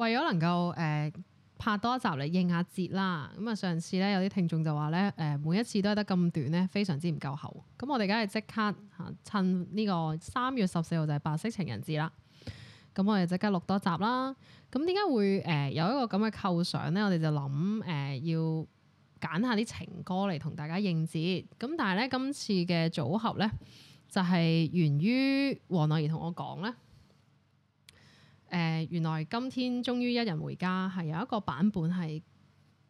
為咗能夠誒、呃、拍多一集嚟應下節啦，咁啊上次咧有啲聽眾就話咧誒每一次都係得咁短咧，非常之唔夠喉。咁我哋梗係即刻嚇、啊、趁呢個三月十四號就係白色情人節啦，咁我哋即刻錄多集啦。咁點解會誒、呃、有一個咁嘅構想咧？我哋就諗誒、呃、要揀下啲情歌嚟同大家應節。咁但係咧今次嘅組合咧就係、是、源於王樂儀同我講咧。誒、呃、原來今天終於一人回家係有一個版本係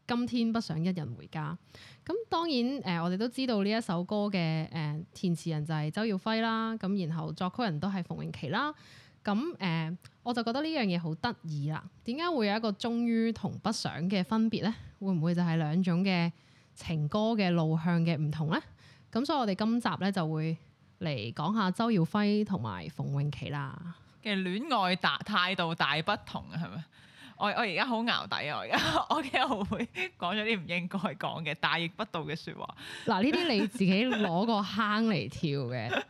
今天不想一人回家，咁當然誒、呃、我哋都知道呢一首歌嘅誒、呃、填詞人就係周耀輝啦，咁然後作曲人都係馮穎琪啦，咁誒、呃、我就覺得呢樣嘢好得意啦，點解會有一個終於同不想嘅分別呢？會唔會就係兩種嘅情歌嘅路向嘅唔同呢？咁所以我哋今集咧就會嚟講下周耀輝同埋馮穎琪啦。嘅戀愛大態度大不同啊，係咪？我我而家好淆底啊，我我後悔講咗啲唔應該講嘅大逆不道嘅説話。嗱，呢啲你自己攞個坑嚟跳嘅，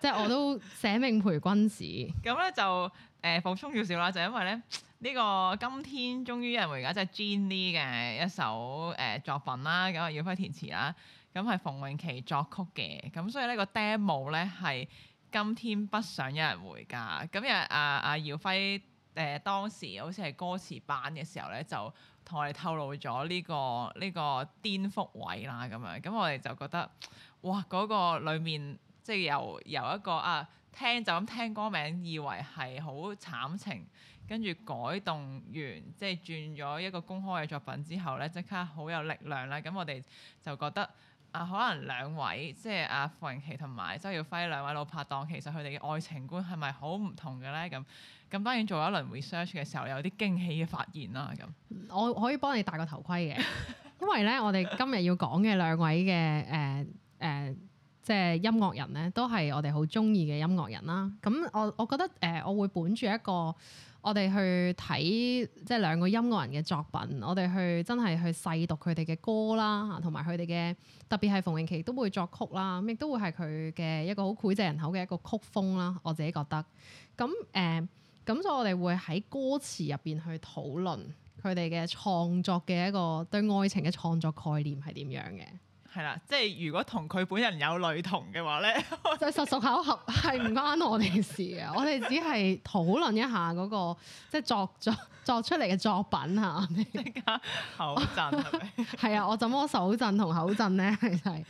即係我都捨命陪君子。咁咧、嗯、就誒放鬆少少啦，就是、因為咧呢、呢個今天終於有我而家真係 Jean 啲嘅一首誒、呃、作品啦，咁啊要輝填詞啦，咁、嗯、係馮穎琪作曲嘅，咁、嗯、所以個呢個 demo 咧係。今天不想有人回家。咁又阿阿耀輝誒、呃、當時好似係歌詞班嘅時候咧，就同我哋透露咗呢、這個呢、這個顛覆位啦咁樣，咁我哋就覺得哇，嗰、那個裡面即係由由一個啊聽就咁聽歌名以為係好慘情，跟住改動完即係轉咗一個公開嘅作品之後咧，即刻好有力量啦。咁我哋就覺得。啊、可能兩位即係阿馮穎琪同埋周耀輝兩位老拍檔，其實佢哋嘅愛情觀係咪好唔同嘅咧？咁咁當然做咗一輪 research 嘅時候，有啲驚喜嘅發現啦。咁我可以幫你戴個頭盔嘅， 因為咧我哋今日要講嘅兩位嘅誒誒，即係音樂人咧，都係我哋好中意嘅音樂人啦。咁我我覺得誒、呃，我會本住一個。我哋去睇即係兩個音樂人嘅作品，我哋去真係去細讀佢哋嘅歌啦，同埋佢哋嘅特別係馮穎琪都會作曲啦，亦都會係佢嘅一個好膾炙人口嘅一個曲風啦，我自己覺得。咁誒，咁、呃、所以我哋會喺歌詞入邊去討論佢哋嘅創作嘅一個對愛情嘅創作概念係點樣嘅。係啦，即係如果同佢本人有雷同嘅話咧，就實屬巧合係唔關我哋事啊！我哋只係討論一下嗰、嗰個即係作作作出嚟嘅作品吓，即家口震，係咪？係啊！ 我怎麼手震同口震咧？其實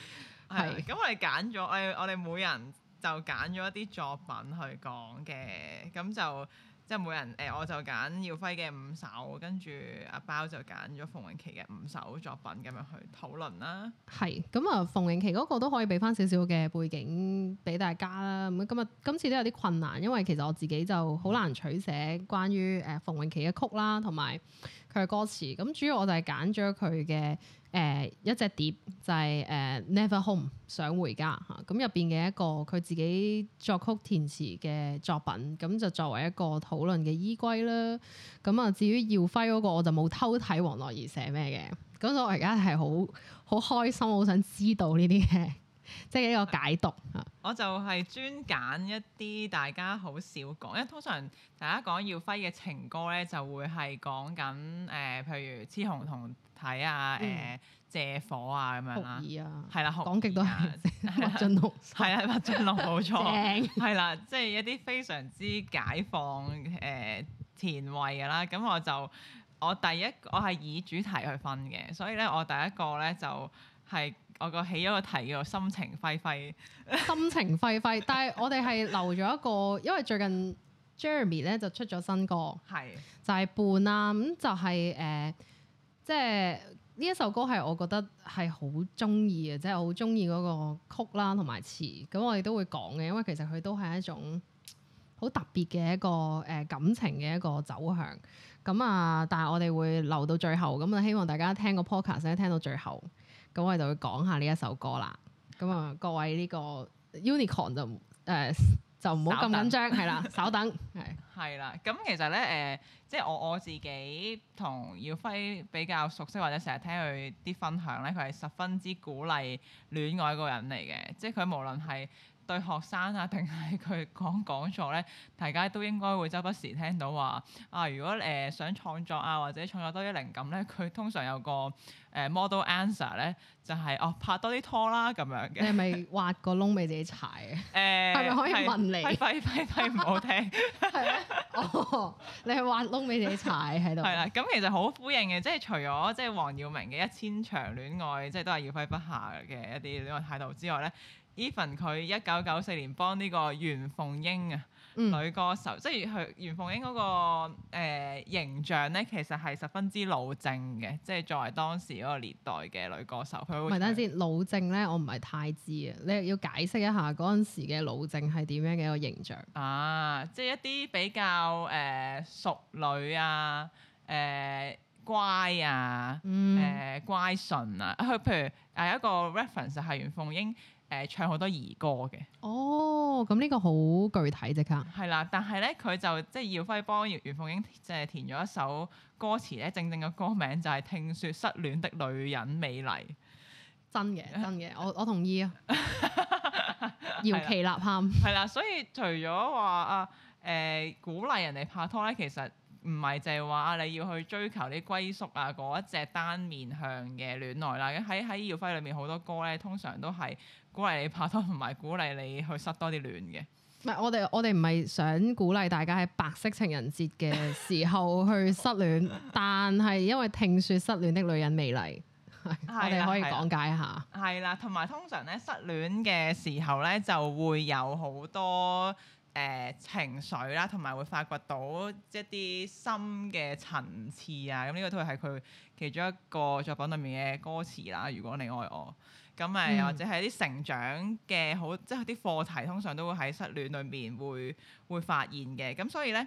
係咁，我哋揀咗誒，我哋每人就揀咗一啲作品去講嘅，咁就。即係每人誒、呃，我就揀耀輝嘅五首，跟住阿包就揀咗馮穎琪嘅五首作品咁樣去討論啦。係，咁啊、呃，馮穎琪嗰個都可以俾翻少少嘅背景俾大家啦。咁今日今次都有啲困難，因為其實我自己就好難取捨關於誒馮穎琪嘅曲啦，同埋佢嘅歌詞。咁主要我就係揀咗佢嘅。誒、呃、一隻碟就係、是、誒、呃、Never Home 想回家嚇，咁入邊嘅一個佢自己作曲填詞嘅作品，咁、啊、就作為一個討論嘅依歸啦。咁啊，至於耀輝嗰、那個，我就冇偷睇王樂儀寫咩嘅。咁、啊、我而家係好好開心，好想知道呢啲嘅，即係一個解讀。啊、我就係專揀一啲大家好少講，因為通常大家講耀輝嘅情歌咧，就會係講緊誒，譬如雌雄同。睇啊，誒、呃、借火啊咁、嗯、樣啊啊啦，係、啊、 啦，學講極都係，麥浚龍係啊，麥浚龍冇錯，係 正 啦，即、就、係、是、一啲非常之解放誒前衛嘅啦。咁我就我第一，我係以主題去分嘅，所以咧，我第一個咧就係、是、我個起咗個題叫《做「心情輝輝》，心情輝輝， 但係我哋係留咗一個，因為最近 Jeremy 咧就出咗新歌，係是 就係半啊，咁就係、是、誒、就是。呃即係呢一首歌，係我覺得係好中意嘅，即係我好中意嗰個曲啦，同埋詞。咁我哋都會講嘅，因為其實佢都係一種好特別嘅一個誒、呃、感情嘅一個走向。咁啊，但係我哋會留到最後，咁啊希望大家聽個 Podcast 聽到最後。咁我哋就會講下呢一首歌啦。咁啊，各位呢個 Unicon 就、呃、誒。就唔好咁緊張，係啦， 稍等。係係啦，咁其實咧，誒、呃，即係我我自己同耀輝比較熟悉，或者成日聽佢啲分享咧，佢係十分之鼓勵戀愛嗰個人嚟嘅，即係佢無論係。對學生啊，定係佢講講座咧，大家都應該會周不時聽到話啊。如果誒、呃、想創作啊，或者創作多啲靈感咧，佢通常有個誒 model answer 咧，就係、是、哦拍多啲拖啦咁樣嘅。你係咪挖個窿俾自己踩啊？誒、呃，係咪可以問你？要揮不揮唔好聽 嗎？係啊。哦，你係挖窿俾自己踩喺度。係啦 咁其實好呼應嘅，即係除咗即係黃耀明嘅一千場戀愛，即、就、係、是、都係要揮不下嘅一啲戀愛態度之外咧。even 佢一九九四年幫呢個袁鳳瑛啊女歌手，嗯、即係佢袁鳳瑛嗰、那個、呃、形象咧，其實係十分之老正嘅。即係作為當時嗰個年代嘅女歌手，佢唔係等先等老正咧，我唔係太知啊。你要解釋一下嗰陣時嘅老正係點樣嘅一個形象啊？即係一啲比較誒淑、呃、女啊、誒、呃、乖啊、誒、嗯呃、乖順啊。佢、啊、譬如誒有一個 reference 係袁鳳瑛。誒、呃、唱好多兒歌嘅，哦，咁、這、呢個好具體即刻，係啦，但係咧佢就即係耀輝幫袁袁鳳英即係填咗一首歌詞咧，正正嘅歌名就係、是《聽說失戀的女人美麗》真，真嘅真嘅， 我我同意啊，搖旗吶喊啦，係 啦，所以除咗話啊誒鼓勵人哋拍拖咧，其實唔係淨係話啊你要去追求啲歸宿啊嗰一隻單面向嘅戀愛啦，喺喺耀輝裏面好多歌咧，通常都係。鼓勵你拍拖，同埋鼓勵你去失多啲戀嘅。唔係，我哋我哋唔係想鼓勵大家喺白色情人節嘅時候去失戀， 但係因為聽説失戀的女人未嚟， 的我哋可以講解一下。係啦，同埋通常咧失戀嘅時候咧就會有好多誒、呃、情緒啦，同埋會發掘到一啲深嘅層次啊。咁呢個都係佢其中一個作品裏面嘅歌詞啦。如果你愛我。咁誒，嗯、或者係啲成長嘅好，即係啲課題，通常都會喺失戀裏面會會發現嘅。咁所以咧，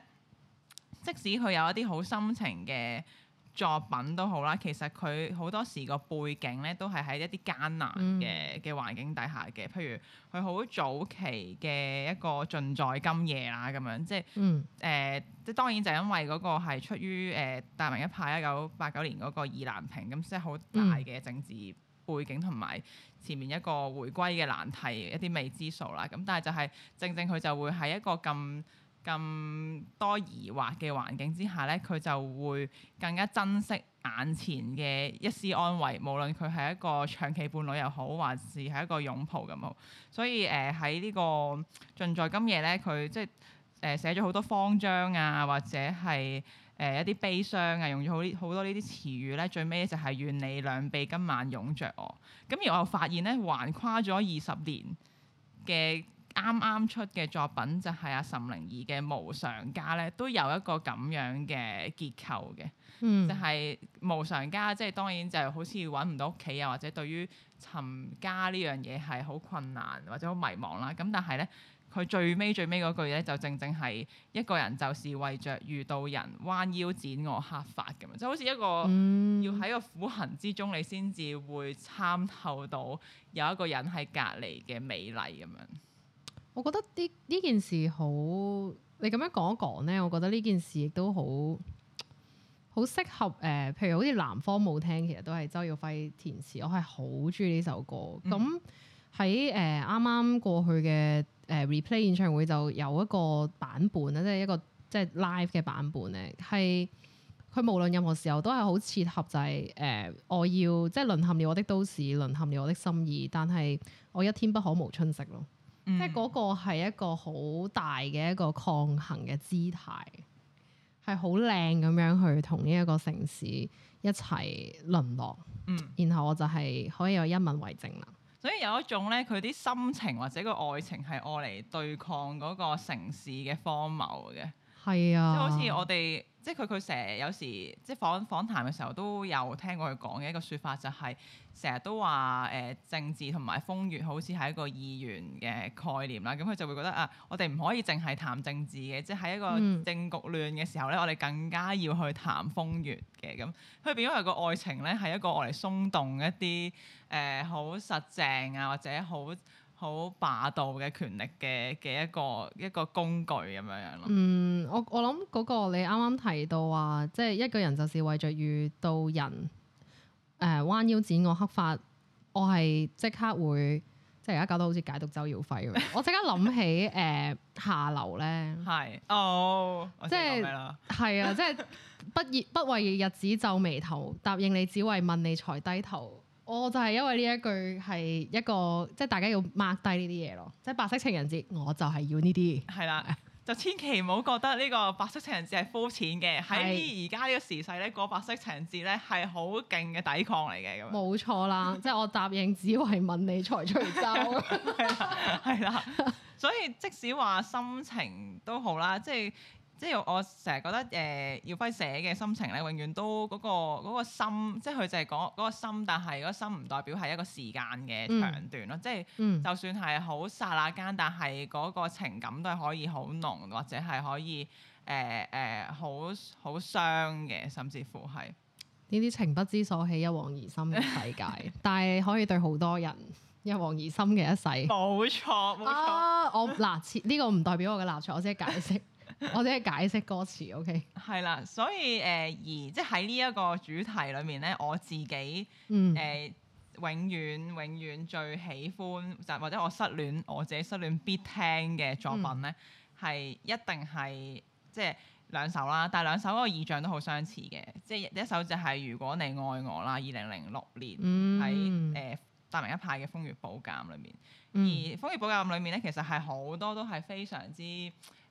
即使佢有一啲好深情嘅作品都好啦，其實佢好多時個背景咧都係喺一啲艱難嘅嘅環境底下嘅。嗯、譬如佢好早期嘅一個《盡在今夜》啦，咁樣即係誒，即係、嗯呃、當然就因為嗰個係出於誒、呃、達明一派一九八九年嗰個意難平，咁即係好大嘅政治。嗯背景同埋前面一個回歸嘅難題，一啲未知數啦。咁但係就係正正佢就會喺一個咁咁多疑惑嘅環境之下咧，佢就會更加珍惜眼前嘅一絲安慰，無論佢係一個長期伴侶又好，還是係一個擁抱咁好。所以誒喺呢個盡在今夜咧，佢即係誒寫咗好多慌張啊，或者係。誒、呃、一啲悲傷啊，用咗好好多呢啲詞語咧，最尾就係願你兩臂今晚擁着我。咁而我又發現咧，橫跨咗二十年嘅啱啱出嘅作品，就係、是、阿、啊、岑寧兒嘅《無常家》咧，都有一個咁樣嘅結構嘅，嗯、就係《無常家》即、就、係、是、當然就好似揾唔到屋企啊，或者對於尋家呢樣嘢係好困難或者好迷茫啦。咁但係咧。佢最尾最尾嗰句咧，就正正係一個人，就是為着遇到人彎腰剪我黑發，咁樣，就好似一個、嗯、要喺個苦行之中，你先至會參透到有一個人喺隔離嘅美麗。咁樣我覺得啲呢件事好，你咁樣講一講咧，我覺得呢件事亦都好好適合誒、呃。譬如好似南方舞廳，其實都係周耀輝填詞，我係好中意呢首歌。咁喺誒啱啱過去嘅。誒、呃、replay 演唱會就有一個版本咧，即係一個即係 live 嘅版本咧，係佢無論任何時候都係好切合、就是，就係誒我要即係淪陷了我的都市，淪陷了我的心意，但係我一天不可無春色咯，嗯、即係嗰個係一個好大嘅一個抗衡嘅姿態，係好靚咁樣去同呢一個城市一齊淪落，嗯、然後我就係可以有一文為證啦。所以有一種咧，佢啲心情或者個愛情係愛嚟對抗嗰個城市嘅荒謬嘅，係啊，即好似我哋。即係佢佢成日有時即係訪訪談嘅時候都有聽過佢講嘅一個説法、就是，就係成日都話誒、呃、政治同埋風月好似係一個二元嘅概念啦。咁佢就會覺得啊，我哋唔可以淨係談政治嘅，即係喺一個政局亂嘅時候咧，我哋更加要去談風月嘅。咁佢變咗係個愛情咧，係一個我嚟鬆動一啲誒好實淨啊，或者好。好霸道嘅權力嘅嘅一個一個工具咁樣樣咯。嗯，我我諗嗰個你啱啱提到話，即、就、係、是、一個人就是為著遇到人誒、呃、彎腰剪我黑髮，我係即刻會即係而家搞到好似解讀周耀輝咁。我即刻諗起誒、 呃、下流咧。係。哦。即係。係啊，即、就、係、是、不不為日子皺眉頭，答應你只為問你才低頭。我就係因為呢一句係一個即係、就是、大家要 mark 低呢啲嘢咯，即、就、係、是、白色情人節，我就係要呢啲。係啦了， 就千祈唔好覺得呢個白色情人節係膚淺嘅，喺而家呢個時勢咧過、那個、白色情人節咧係好勁嘅抵抗嚟嘅咁。冇錯啦，即係 我答應只為問你才隨舟 了，係啦， 所以即使話心情都好啦，即係。即係我成日覺得誒，耀、呃、輝寫嘅心情咧，永遠都嗰、嗰個嗰個心，即係佢就係講嗰個心，但係嗰心唔代表係一個時間嘅長段咯。嗯、即係就算係好剎那間，但係嗰個情感都係可以好濃，或者係可以誒誒、呃呃、好好傷嘅，甚至乎係呢啲情不知所起，一往而深嘅世界。 但係可以對好多人一往而深嘅一世。冇錯，冇錯。啊、我立呢、呢個唔代表我嘅立場，我只係解釋。 我哋係解釋歌詞，OK？係啦，所以誒而、呃、即喺呢一個主題裏面咧，我自己誒、嗯呃、永遠永遠最喜歡就或者我失戀我自己失戀必聽嘅作品咧，係、嗯、一定係即兩首啦。但兩首嗰個意象都好相似嘅，即一首就係如果你愛我啦，二零零六年喺誒達明一派嘅《風月寶鑑》裏面。嗯、而《風月寶鑑》裏面咧，其實係好多都係非常之～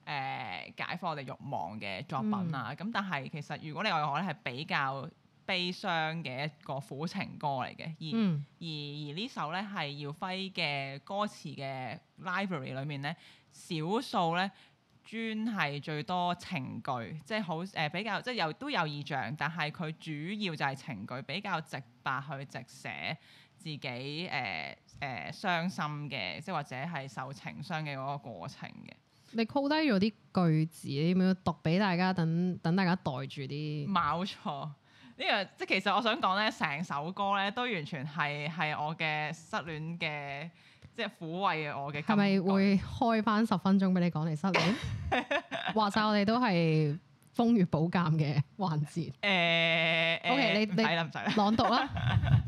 誒、嗯、解開我哋慾望嘅作品啊！咁、嗯、但係其實如果你愛我咧係比較悲傷嘅一個苦情歌嚟嘅，而、嗯、而而而呢首咧係耀輝嘅歌詞嘅 library 裏面咧，少數咧專係最多情句，即係好誒比較即係、就是、有都有意象，但係佢主要就係情句比較直白去直寫自己誒誒、呃呃、傷心嘅，即係或者係受情傷嘅嗰個過程嘅。你 call 低咗啲句子，你點樣讀俾大家？等等，大家袋住啲冇錯。呢個即係其實我想講咧，成首歌咧都完全係係我嘅失戀嘅，即係撫慰我嘅。係咪會開翻十分鐘俾你講嚟失戀？話晒 我哋都係風月寶鑑嘅環節。誒，O K，你你唔使朗讀啦。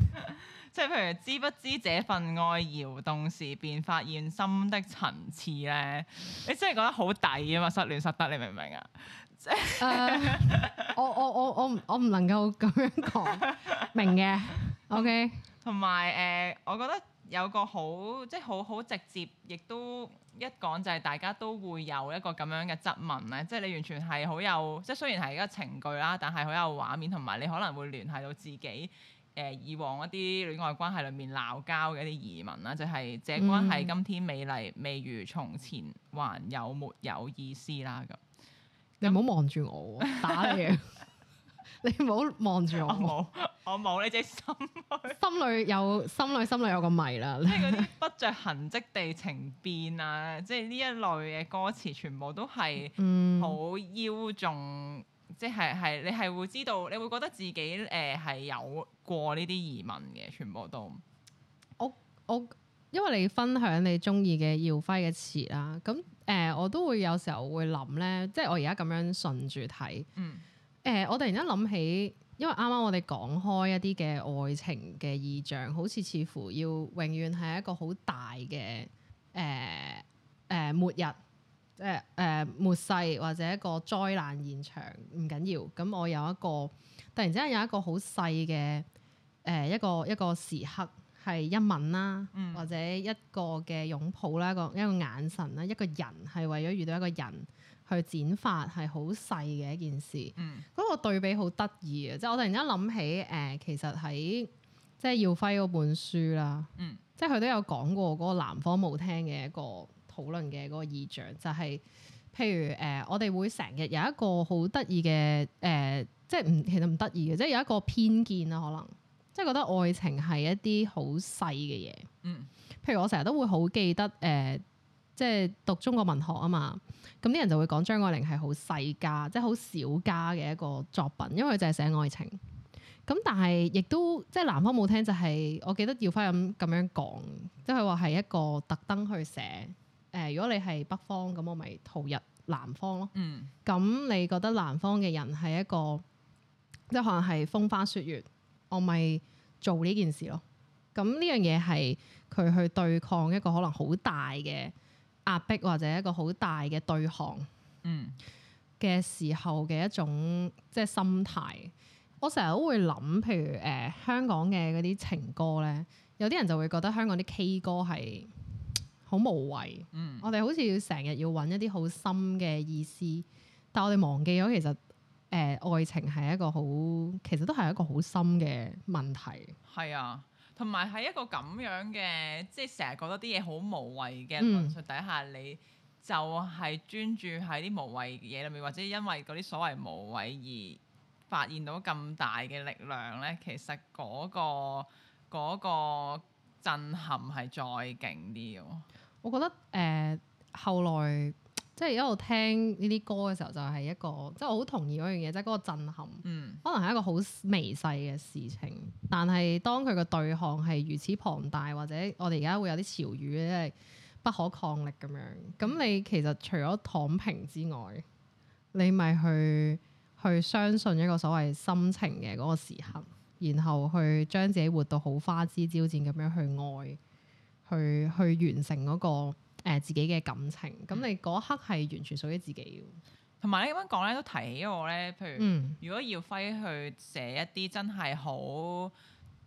即係譬如知不知這份愛搖動時，便發現心的層次咧，你真係覺得好抵啊嘛！失戀失得，你明唔明啊？即係、uh, 我我我我我唔能夠咁樣講明嘅，OK。同埋誒，我覺得有個好即係好好直接，亦都一講就係大家都會有一個咁樣嘅質問咧。即係你完全係好有，即係雖然係一個情句啦，但係好有畫面，同埋你可能會聯繫到自己。誒、呃、以往一啲戀愛關係裏面鬧交嘅一啲疑問，啦，就係這關係今天美麗，未如從前，還有沒有意思啦？咁你唔好望住我打嘢，你唔好望住我。 你 你我冇，我冇呢隻心， 心，心，心裏有心裏心裏有個迷啦。即係嗰啲不着痕跡地情變啊，即係呢一類嘅歌詞，全部都係好邀眾。即係係你係會知道，你會覺得自己誒係、呃、有過呢啲疑問嘅，全部都我我因為你分享你中意嘅耀輝嘅詞啦，咁誒、呃、我都會有時候會諗咧，即係我而家咁樣順住睇，誒、嗯呃、我突然間諗起，因為啱啱我哋講開一啲嘅愛情嘅意象，好似似乎要永遠係一個好大嘅誒誒末日。誒誒，末、呃、世或者一個災難現場唔緊要，咁我有一個突然之間有一個好細嘅誒、呃、一個一個時刻係一吻啦，嗯、或者一個嘅擁抱啦，一個一個眼神啦，一個人係為咗遇到一個人去剪髮係好細嘅一件事，嗯，嗰個對比好得意啊！即係我突然間諗起誒、呃，其實喺即係耀輝嗰本書啦，嗯、即係佢都有講過嗰個南方舞廳嘅一個。討論嘅嗰、那個意象就係、是，譬如誒、呃，我哋會成日有一個好得意嘅誒，即係唔其實唔得意嘅，即係有一個偏見啦，可能即係覺得愛情係一啲好細嘅嘢。嗯，譬如我成日都會好記得誒、呃，即係讀中國文學啊嘛，咁啲人就會講張愛玲係好細家，即係好小家嘅一個作品，因為佢淨係寫愛情。咁但係亦都即係南方冇聽，就係、是、我記得耀輝咁咁樣講，即係話係一個特登去寫。誒，如果你係北方，咁我咪逃入南方咯。嗯，咁你覺得南方嘅人係一個，即係可能係風花雪月，我咪做呢件事咯。咁呢樣嘢係佢去對抗一個可能好大嘅壓迫，或者一個好大嘅對抗嘅時候嘅一種即係、就是、心態，我成日都會諗，譬如誒、呃、香港嘅嗰啲情歌咧，有啲人就會覺得香港啲 K 歌係，好無謂，嗯、我哋好似要成日要揾一啲好深嘅意思，但係我哋忘記咗其實，誒、呃、愛情係一個好，其實都係一個好深嘅問題。係啊，同埋喺一個咁樣嘅，即係成日覺得啲嘢好無謂嘅論述底下，嗯、你就係專注喺啲無謂嘢裏面，或者因為嗰啲所謂無謂而發現到咁大嘅力量咧，其實嗰、嗰個嗰個震撼係再勁啲嘅。我覺得誒、呃、後來即係一路聽呢啲歌嘅時候，就係、是、一個即係我好同意嗰樣嘢，即係嗰個震撼。嗯、可能係一個好微細嘅事情，但係當佢嘅對抗係如此龐大，或者我哋而家會有啲潮語咧，係、就是、不可抗力咁樣。咁你其實除咗躺平之外，你咪去去相信一個所謂心情嘅嗰個時刻，然後去將自己活到好花枝招展咁樣去愛。去去完成嗰、那個、呃、自己嘅感情，咁、嗯、你嗰一刻係完全屬於自己同埋你咁樣講咧，都提起我咧。譬如，嗯、如果耀輝去寫一啲真係好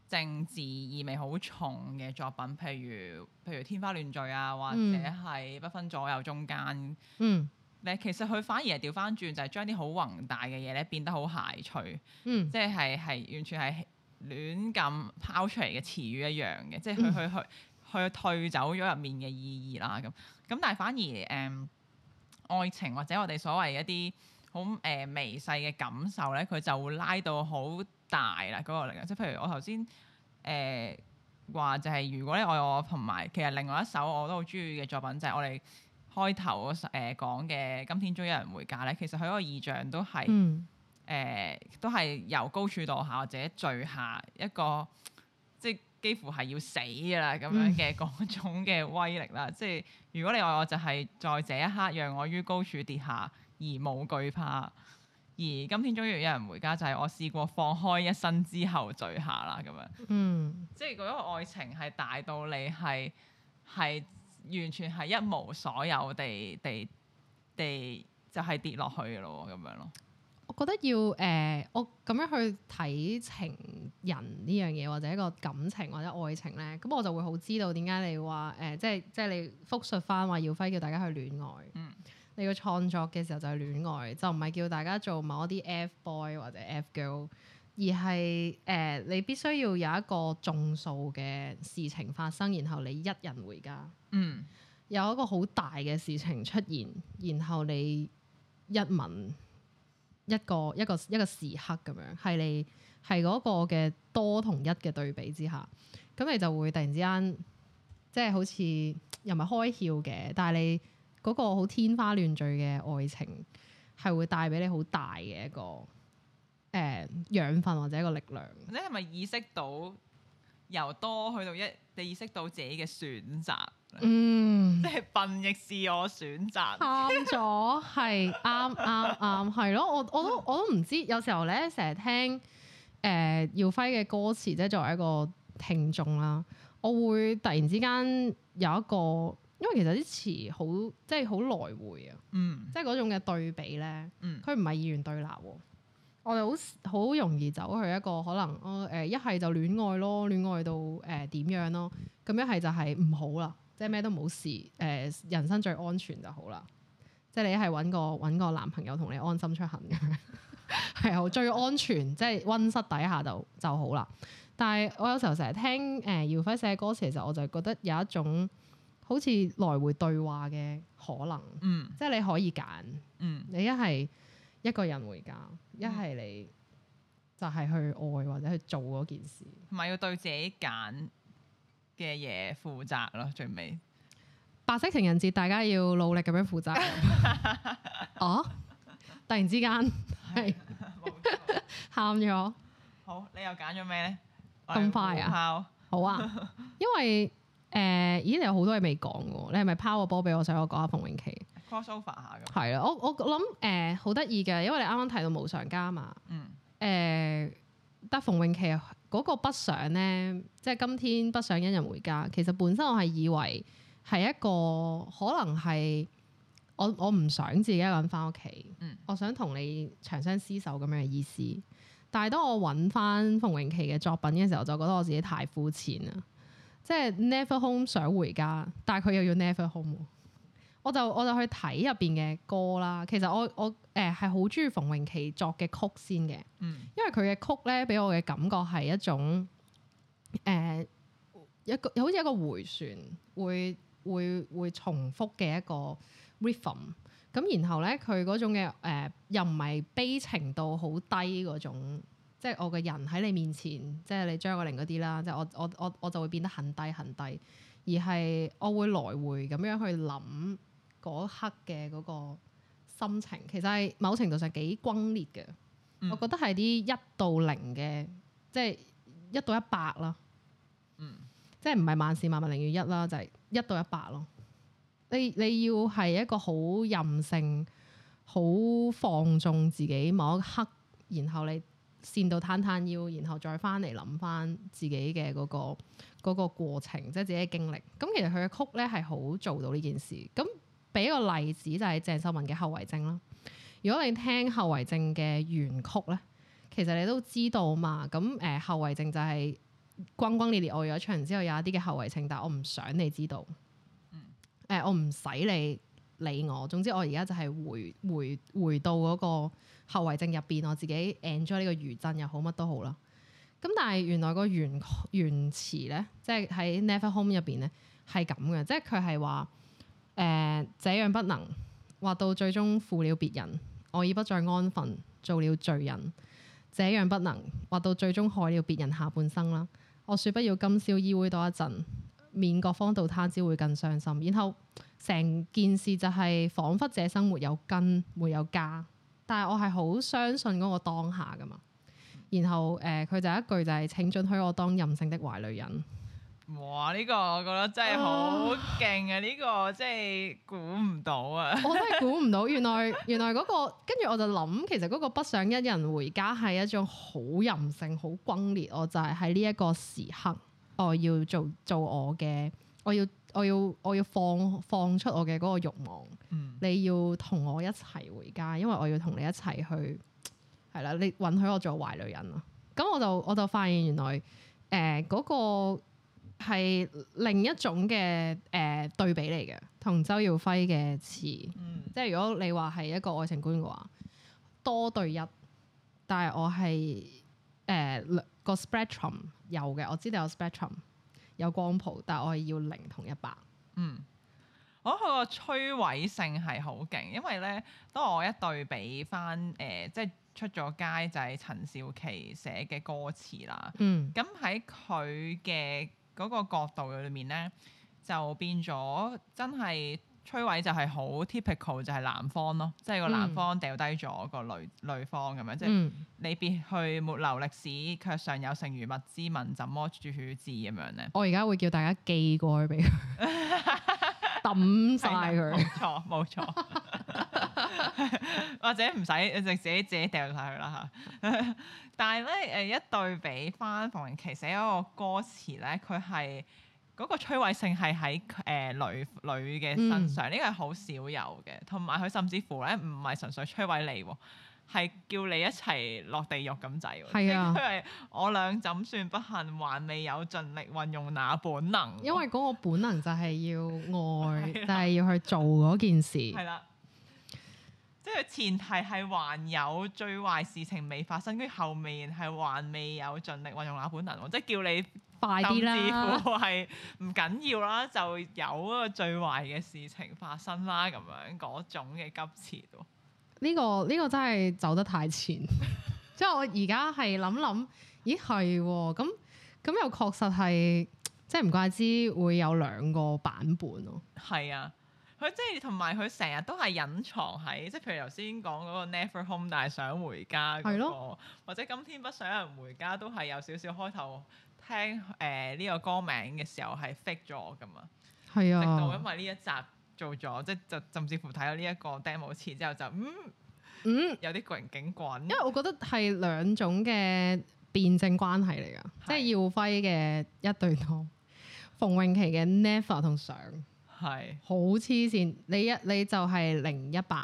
政治意味好重嘅作品，譬如譬如天花亂墜啊，或者係不分左右中間。嗯，你其實佢反而係調翻轉，就係將啲好宏大嘅嘢咧，變得好諧趣。嗯即，即係係完全係亂咁拋出嚟嘅詞語一樣嘅，即係去去去。嗯嗯佢退走咗入面嘅意義啦，咁咁但係反而誒、嗯、愛情或者我哋所謂一啲好誒微細嘅感受咧，佢就會拉到好大啦嗰、嗰個力量，即係譬如我頭先誒話就係，如果咧我我同埋其實另外一首我都好中意嘅作品就係、是、我哋開頭誒講嘅《呃、今天終有人回家》咧，其實佢嗰個意象都係誒、嗯呃、都係由高處墮下或者墜下一個即係。幾乎係要死啦咁樣嘅嗰種嘅威力啦， 即係如果你愛我就係、是、在這一刻讓我於高處跌下而冇懼怕，而今天終於有人回家就係、是、我試過放開一生之後墜下啦咁樣，嗯，即係嗰個愛情係大到你係係完全係一無所有地地地就係、是、跌落去咯咁樣咯。覺得要誒、呃，我咁樣去睇情人呢樣嘢，或者一個感情或者愛情咧，咁我就會好知道點解你話誒、呃，即係即係你復述翻話耀輝叫大家去戀愛，嗯、你個創作嘅時候就係戀愛，就唔係叫大家做某一啲 F boy 或者 F girl，而係誒、呃、你必須要有一個眾數嘅事情發生，然後你一人回家，嗯、有一個好大嘅事情出現，然後你一吻。一個一個一個時刻咁樣，係你係嗰個嘅多同一嘅對比之下，咁你就會突然之間，即係好似又唔係開竅嘅，但係你嗰個好天花亂墜嘅愛情係會帶俾你好大嘅一個誒、呃、養分或者一個力量，你係咪意識到？由多去到一，你意識到自己嘅選擇，嗯，即係笨亦是我選擇，啱咗了，係啱啱啱，係咯，我我都我都唔知，有時候咧成日聽誒、呃、耀輝嘅歌詞，即係作為一個聽眾啦，我會突然之間有一個，因為其實啲詞好即係好來回啊，嗯，即係嗰種嘅對比咧，佢唔係二元對立喎。我哋好好容易走去一個可能，我誒一係就戀愛咯，戀愛到誒點、呃、樣咯，咁一係就係唔好啦，即係咩都冇事，誒、呃、人生最安全就好啦，即係你一係揾個揾個男朋友同你安心出行嘅，係 好最安全，即係溫室底下就就好啦。但係我有時候成日聽誒耀、呃、輝寫歌詞，其實我就係覺得有一種好似來回對話嘅可能，嗯、即係你可以揀，嗯、你一係。一個人回家，一係你就係去愛或者去做嗰件事，唔係要對自己揀嘅嘢負責咯。最尾白色情人節，大家要努力咁樣負責。 哦，突然之間 了，係喊咗。好，你又揀咗咩咧？咁快啊！ 好啊，因為誒、呃，咦，你有好多嘢未講，你係咪拋個波俾我先？我講下馮穎琪。多抒，我我諗誒，好得意嘅，因為你啱啱提到無常家嘛，嗯、呃，誒得馮穎琪嗰個不想咧，即係今天不想一人回家。其實本身我係以為係一個可能係我我唔想自己一個人返屋企，嗯，我想同你長相廝守咁樣嘅意思。但係當我揾返馮穎琪嘅作品嘅時候，就覺得我自己太膚淺啦，即係 Never Home 想回家，但係佢又要 Never Home。我就我就去睇入邊嘅歌啦，其實我我誒係好中意馮穎琪作嘅曲先嘅，嗯、因為佢嘅曲咧俾我嘅感覺係一種誒、呃、一個好似一個迴旋，會會會重複嘅一個 rhythm。咁然後咧佢嗰種嘅誒、呃、又唔係悲情到好低嗰種，即、就、係、是、我嘅人喺你面前，即、就、係、是、你張愛玲嗰啲啦，即、就、係、是、我我我我就會變得很低很低，而係我會來回咁樣去諗。嗰刻嘅嗰個心情，其實係某程度上幾轟烈嘅。嗯、我覺得係啲一到零嘅，即係一到一百啦。嗯、即係唔係萬事萬物零與一啦，就係、是、一到一百咯。你你要係一個好任性、好放縱自己某一刻，然後你跣到攤攤腰，然後再翻嚟諗翻自己嘅嗰、那個嗰、那個、過程，即、就、係、是、自己嘅經歷。咁其實佢嘅曲咧係好做到呢件事。咁俾個例子就係、是、鄭秀文嘅後遺症啦。如果你聽後遺症嘅原曲咧，其實你都知道嘛。咁誒、呃，後遺症就係轟轟烈烈愛咗一場之後，有一啲嘅後遺症，但我唔想你知道。誒、嗯呃，我唔使你理我。總之我而家就係回回回到嗰個後遺症入邊，我自己 enjoy 呢個餘震又好乜都好啦。咁但係原來個原原詞咧，即係喺 Never Home 入邊咧係咁嘅，即係佢係話。誒，這樣不能，或到最終負了別人，我已不再安分，做了罪人。這樣不能，或到最終害了別人下半生啦。我説不要今宵依偎多一陣，免各方道他朝會更傷心。然後成件事就係彷彿這生沒有根，沒有家。但係我係好相信嗰個當下㗎嘛。然後誒佢、呃、就一句就係、是、請准許我當任性的壞女人。哇！呢、這個我覺得真係好勁啊！呢、啊、個真係估唔到啊！我都係估唔到，原來原來嗰、那個跟住我就諗，其實嗰個不想一人回家係一種好任性、好轟烈，我就係喺呢一個時刻我我，我要做做我嘅，我要我要我要放放出我嘅嗰個慾望。嗯、你要同我一齊回家，因為我要同你一齊去。係啦，你允許我做壞女人啊！咁我就我就發現原來誒嗰、呃那個。係另一種嘅誒、呃、對比嚟嘅，同周耀輝嘅詞，嗯、即係如果你話係一個愛情觀嘅話，多對一，但係我係誒、呃個 spectrum 有嘅，我知道有 spectrum 有光譜，但係我係要零同一百。嗯，我覺得佢個摧毀性係好勁，因為咧當我一對比翻誒、呃，即係出咗街就係陳少琪寫嘅歌詞啦。嗯，咁喺佢嘅，嗰個角度裏面咧，就變咗真係摧毀，就係好 typical 就係男方咯，即係個男方掉低咗個女女方咁樣，嗯、即係你別去沒留歷史，卻尚有剩餘物之問，怎麼處置咁樣咧？我而家會叫大家寄過去俾佢抌晒佢，冇錯冇錯。 或者唔使，就自己自己掉落去啦嚇。 但係咧，誒一對比翻馮穎琪寫嗰個歌詞咧，佢係嗰個摧毀性係喺誒女女嘅身上，呢個係好少有嘅。同埋佢甚至乎咧，唔係純粹摧毀你喎，係叫你一齊落地獄咁滯。係是啊。佢係我兩怎算不幸，還未有盡力運用那本能。因為嗰個本能就係要愛，但係 是、啊、要去做嗰件事。係啦。即係前提係還有最壞事情未發生，跟住後面係還未有盡力運用那本能，即係叫你快啲啦，似乎係唔緊要啦，就有嗰個最壞嘅事情發生啦，咁樣嗰種嘅急切喎。呢個呢個真係走得太前。即 係 我而家係諗諗，咦係咁咁又確實係即係唔怪之會有兩個版本咯。係啊。佢即係同埋佢成日都係隱藏喺即係，譬如頭先講嗰個 Never Home，但係想回家嗰、那個，的或者今天不想有人回家，都係有少，少少開頭聽誒呢、呃這個歌名嘅時候係 fake 咗我噶嘛？啊的，直到因為呢一集做咗，即係就，就，就甚至乎睇到呢一個 demo 詞之後就嗯嗯有啲個人景滾，因為我覺得係兩種嘅辯證關係嚟噶，即係的耀輝嘅一對多，馮穎琪嘅 Never 同想。係是好黐線，你一你就係零一百，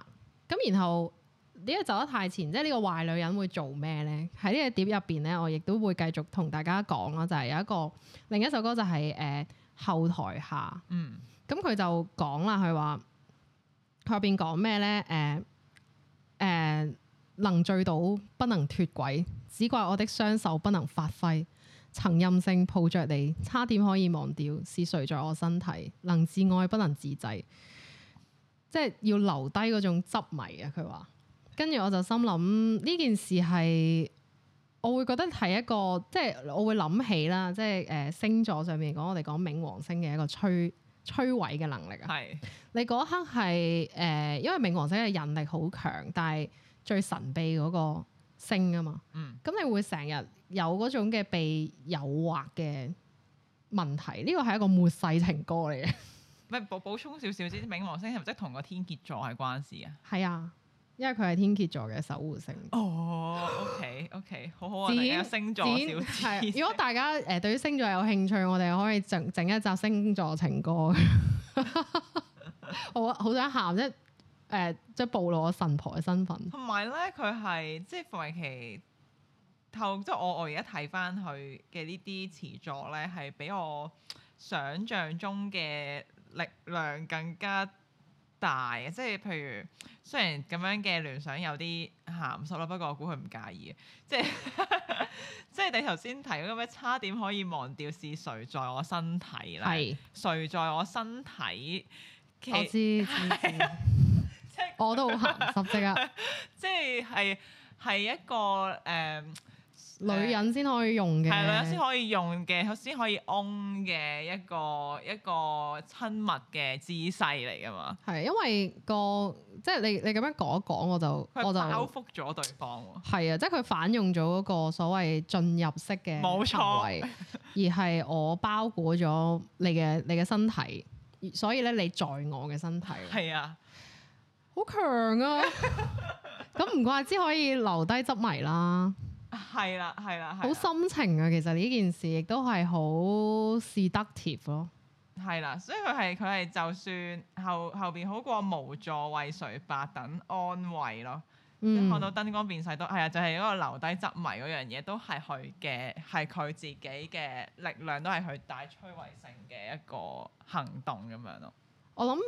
咁然後呢個走得太前，即係呢個壞女人會做咩咧？喺呢個碟入邊咧，我亦都會繼續同大家講啦，就係、是、有一個另一首歌就係、是、誒、呃、後台下，嗯，咁佢就講啦，佢話佢入邊講咩咧？誒誒、呃呃、能醉倒不能脫軌，只怪我的雙手不能發揮。曾任性抱着你，差點可以忘掉是誰在我身體，能自愛不能自制，即係要留低嗰種執迷啊！佢話，跟住我就心諗呢件事係，我會覺得係一個即係、就是、我會諗起啦，即係誒星座上面講我哋講冥王星嘅一個摧摧毀嘅能力啊，係是你嗰刻係誒、呃，因為冥王星係引力好強，但係最神秘嗰個星啊嘛，嗯，咁你會成日，有嗰種嘅被誘惑嘅問題，呢個係一個末世情歌嚟嘅。唔係補補充少少先，冥王星係係係咪即係同個天蠍座係關事啊？係啊，因為佢係天蠍座嘅守護星。哦，OK OK，好好啊！ 大家星座小知識。如果大家誒對於星座有興趣，我哋可以整整一集星座情歌。我 好，好想喊，即係即係暴露我神婆嘅身份。同埋咧，佢係即係馮穎琪。透即係我我而家睇翻佢嘅呢啲詞作咧，係比我想象中嘅力量更加大嘅。即係譬如，雖然咁樣嘅聯想有啲鹹濕啦，不過我估佢唔介意嘅。即係 即係你頭先提嗰個咩？差點可以忘掉是誰在我身體啦，係誰在我身體？我知，即係我都好鹹濕，即係即係係係一個誒。呃女人先可以用嘅，係、嗯、女人先可以用嘅，先可以 on 嘅一個一個親密嘅姿勢嚟㗎嘛。係因為、個即係你你咁樣講一講，我就我就收服咗對方。係啊，即係佢反用咗嗰個所謂進入式嘅行為，沒錯笑而係我包裹咗你嘅你嘅身體，所以咧你在我嘅身體。係啊的，好強啊！咁唔 怪之可以留低執迷啦。係啦，係啦，啦啦好深情啊！其實呢件事亦都係好 seductive 咯。係啦，所以佢係佢係就算後後邊好過無助為誰百等安慰咯。嗯，你看到燈光變細都係啊，就係、是、嗰個留低執迷嗰樣嘢都係佢嘅，係佢自己嘅力量都係佢帶摧毀性嘅一個行動咁樣咯。我諗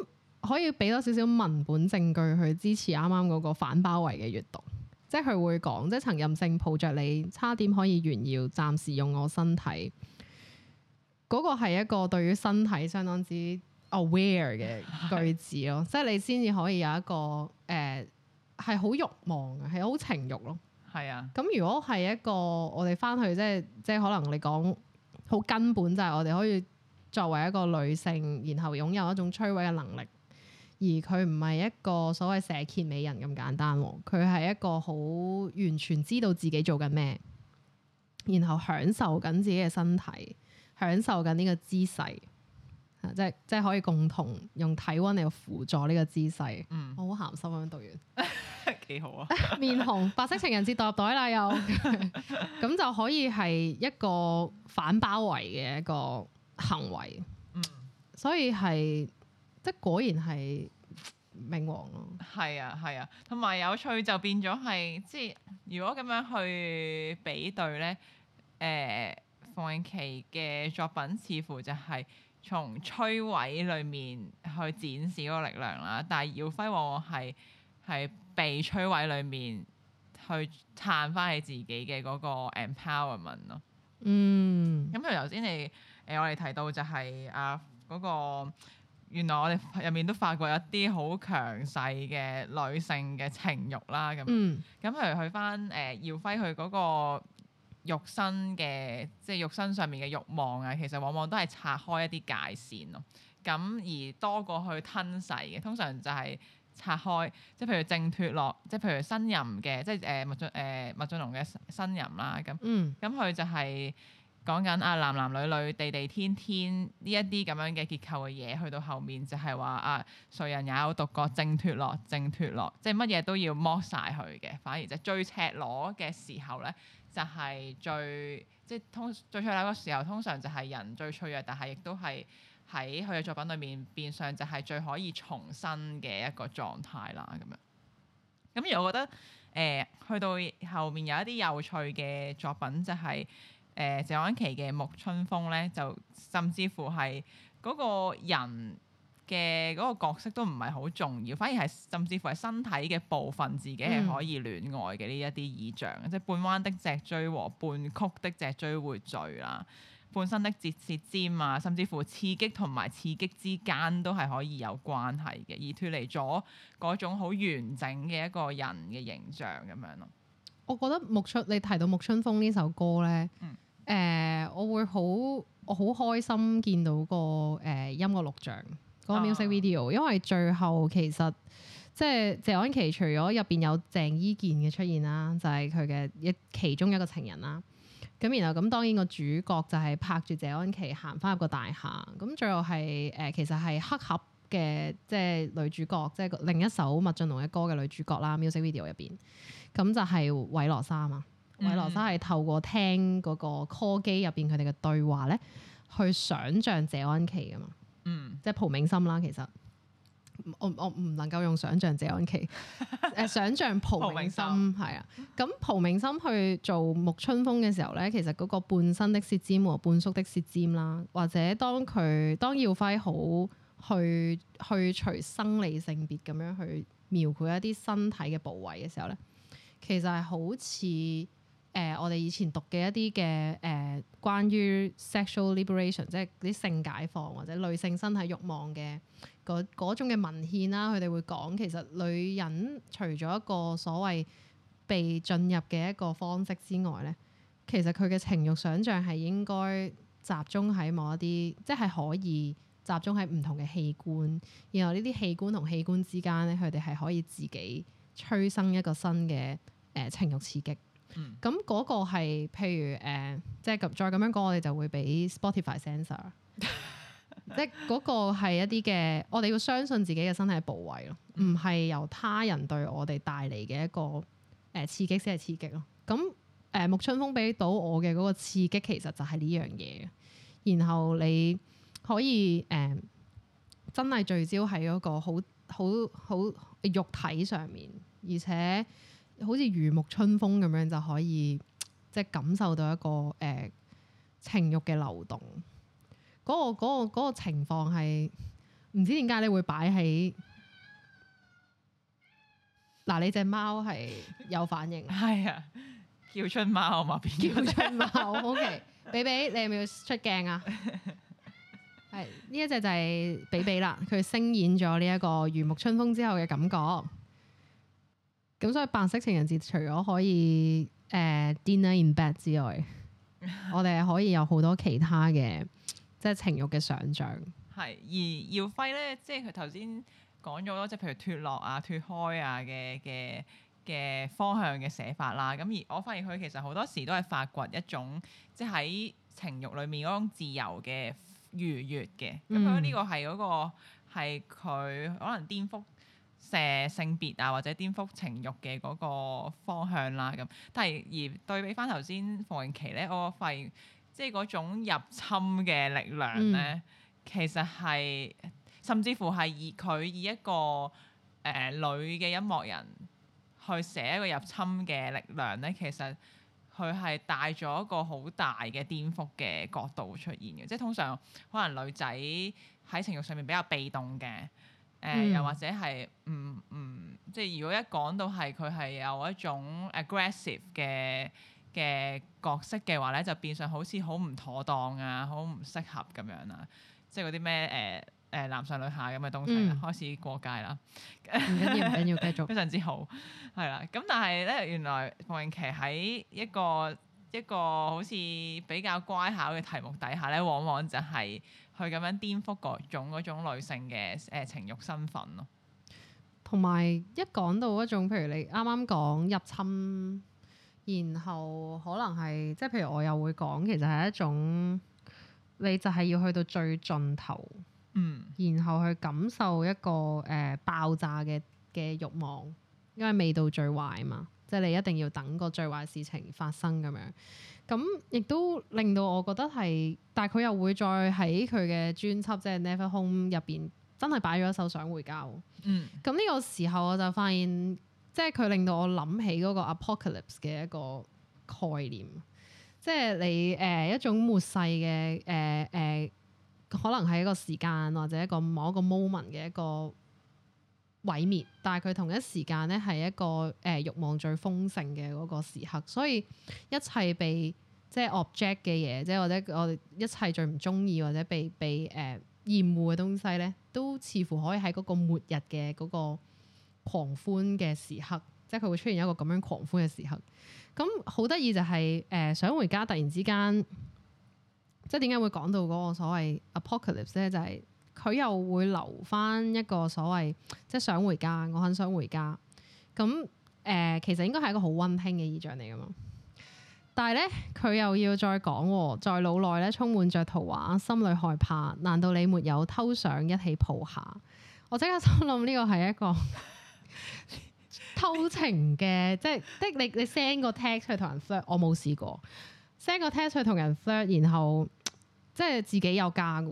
可以俾多少少文本證據去支持啱啱嗰個反包圍嘅閱讀。即係佢會講，即係曾任性抱着你，差點可以炫耀，暫時用我身體，嗰個係一個對於身體相當之 aware 嘅句子咯，的即係你先至可以有一個誒係好欲望嘅，係好情欲咯。係啊的，咁如果係一個我哋翻去即，即係即係可能你講好根本就係我哋可以作為一個女性，然後擁有一種摧毀嘅能力。而佢唔係一個所謂蛇蠍美人咁簡單，啊，佢係一個好完全知道自己做緊咩，然後享受緊自己嘅身體，享受緊呢個姿勢，啊！即即可以共同用體温嚟輔助呢個姿勢。嗯、我好鹹濕咁樣讀完，幾好啊！面紅，白色情人節袋袋啦又，咁 就可以係一個反包圍嘅一個行為，嗯、所以係。即果然係冥王咯，係啊係啊，同埋、啊、有趣就變咗係，即如果咁樣去比對咧，誒馮穎琪嘅作品似乎就係從摧毀裏面去展示嗰個力量啦，但係耀輝往往係係被摧毀裏面去撐翻起自己嘅嗰個 empowerment 咯。嗯，咁佢頭先你誒、呃、我哋提到就係啊嗰、那個。原來我哋入面都發覺一啲好強勢嘅女性嘅情慾啦，咁咁譬如去返誒耀輝佢嗰個肉身嘅，即係肉身上面嘅欲望啊，其實往往都係拆開一啲界線咯。咁而多過去吞噬嘅，通常就係拆開，即係譬如正脱落，即係譬如新任嘅，即係誒麥浚誒麥浚龍嘅新任啦，咁咁佢就係、是。講緊啊男男女女地地天天呢一啲咁樣嘅結構嘅嘢，去到後面就係話啊誰人也有獨角正脱落正脱落，即係乜嘢都要剝晒佢嘅。反而就最赤裸嘅時候咧，就係、是、最即係通最脆弱嘅時候，通常就係人最脆弱，但係亦都係喺佢嘅作品裏面變相就係最可以重生嘅一個狀態啦。咁樣咁而我覺得誒、呃，去到後面有一啲有趣嘅作品就係、是。誒、呃、謝安琪嘅《沐春風》咧，就甚至乎係嗰個人嘅嗰個角色都唔係好重要，反而係甚至乎係身體嘅部分，自己係可以戀愛嘅呢一啲意象，即係半彎的脊椎和半曲的脊椎會聚啦，半身的節節尖啊，甚至乎刺激同埋刺激之間都係可以有關係嘅，而脱離咗嗰種好完整嘅一個人嘅形象咁樣咯。我覺得沐春，你提到沐春風呢首歌咧，嗯。誒、呃，我會好，我好開心見到、那個誒、呃、音樂錄像嗰、那個 music video、啊、因為最後其實即係、就是、謝安琪除咗入邊有鄭伊健嘅出現啦，就係佢嘅一其中一個情人啦。咁然後咁當然個主角就係拍住謝安琪行翻入個大廈，咁最後係誒、呃、其實係黑盒嘅即係女主角，即、就、係、是、另一首麥浚龍嘅歌嘅女主角啦。music video 入邊，咁就係韋羅莎啊嘛。魏羅生係透過聽嗰個 call 機入邊佢哋嘅對話咧，去想像謝安琪啊嘛，嗯，即係蒲明心啦。其實我我唔能夠用想像謝安琪，誒、 呃，想像蒲明心係啊。咁蒲明心去做沐春風嘅時候咧，其實嗰個半身的舌尖和半縮的舌尖啦，或者當佢當耀輝好去去除生理性別咁樣去描繪一啲身體嘅部位嘅時候咧，其實係好似。誒、呃，我哋以前讀嘅一啲嘅誒，關於 sexual liberation，即係啲性解放或者女性身體慾望嘅嗰嗰種嘅文獻啦、啊。佢哋會講，其實女人除咗一個所謂被進入嘅一個方式之外咧，其實佢嘅情慾想像係應該集中喺某一啲，即係可以集中喺唔同嘅器官，然後呢啲器官同器官之間咧，佢哋係可以自己催生一個新嘅誒、呃、情慾刺激。咁嗰個係，譬如誒，即係咁再咁樣講，我哋就會俾 Spotify censor 即係嗰、那個係一啲嘅，我哋要相信自己嘅身體部位咯，唔係由他人對我哋帶嚟嘅一個誒刺激先係刺激咯。咁誒，沐春風俾到我嘅嗰個刺激，刺激，呃、刺激其實就係呢樣嘢。然後你可以誒、呃，真係聚焦喺嗰個好好好肉體上面，而且。好似如沐春風咁樣就可以，即係感受到一個誒、呃、情欲嘅流動。嗰個嗰個嗰個情況係唔知點解你會擺喺嗱 你隻貓係有反應，係啊，叫春貓啊嘛，叫春貓。O K，比比你係咪要出鏡啊？係呢 一隻就係比比啦，佢飾演咗呢一個如沐春風之後嘅感覺。咁所以白色情人節除咗可以誒、呃、dinner in bed 之外， 我哋可以有好多其他嘅即係情慾嘅想像。係而耀輝咧，即係佢頭先講咗咯，即係譬如脫落啊、脫開啊嘅嘅嘅方向嘅寫法啦。咁而我發現佢其實好多時都係發掘一種即係喺情慾裏面嗰種自由嘅愉悅嘅。咁佢呢個係嗰、嗰個係佢可能顛覆。寫性別啊，或者顛覆情慾嘅嗰個方向啦，咁，但係而對比翻頭先馮穎琪咧，我發現即係嗰種入侵嘅力量咧，嗯、其實係甚至乎係以佢以一個誒、呃、女嘅音樂人去寫一個入侵嘅力量咧，其實佢係帶咗一個好大嘅顛覆嘅角度出現嘅，即係通常可能女仔喺情慾上面比較被動嘅。誒、呃、又或者係嗯嗯，即係如果一講到係佢係有一種 aggressive 嘅嘅角色嘅話咧，就變相好似好唔妥當啊，好唔適合咁樣啊，即係嗰啲咩誒誒男上女下咁嘅東西，啊嗯、開始過界啦。唔緊要唔緊要，繼續 非常之好，係啦。咁但係咧，原來馮穎琪喺一個一個好似比較乖巧嘅題目底下咧，往往就係、是。去咁樣顛覆各種嗰種女性嘅誒、呃、情慾身份咯，同埋一講到一種，譬如你啱啱講入侵，然後可能係即係譬如我又會講，其實係一種你就係要去到最盡頭，嗯、然後去感受一個誒、呃、爆炸嘅嘅慾望，因為味道最壞嘛。即係你一定要等個最壞事情發生咁樣，咁亦都令到我覺得係，但係佢又會再喺佢嘅專輯即係、就是、Never Home 入邊真係擺咗一首想回家。嗯，咁呢個時候我就發現，即係佢令到我諗起嗰個 Apocalypse 嘅一個概念，即係你誒、呃、一種末世嘅誒誒，可能係一個時間或者一個某一個 moment 嘅一個。毀滅，但係佢同一時間咧係一個誒慾、呃、望最豐盛嘅嗰個時刻，所以一切被即係 object 嘅嘢，即係或者我哋一切最唔中意或者被被誒、呃、厭惡嘅東西咧，都似乎可以喺嗰個末日嘅嗰、那個狂歡嘅時刻，即係佢會出現一個咁樣狂歡嘅時刻。咁好得意就係、是、誒、呃、想回家，突然之間即係點解會講到嗰個所謂 apocalypse 咧？就係、是。佢又會留翻一個所謂即係想回家，我很想回家。咁誒、呃，其實應該係一個好溫馨嘅意象嚟噶嘛。但係咧，佢又要再講，在腦內咧充滿着圖畫，心裏害怕。難道你沒有偷想一起抱下？我即刻心諗，呢個係一個 偷情嘅的， 即係即你你 send 個 text 去同人 flirt，我冇試過 send 個 text 去同人 flirt，然後即係自己有家噶。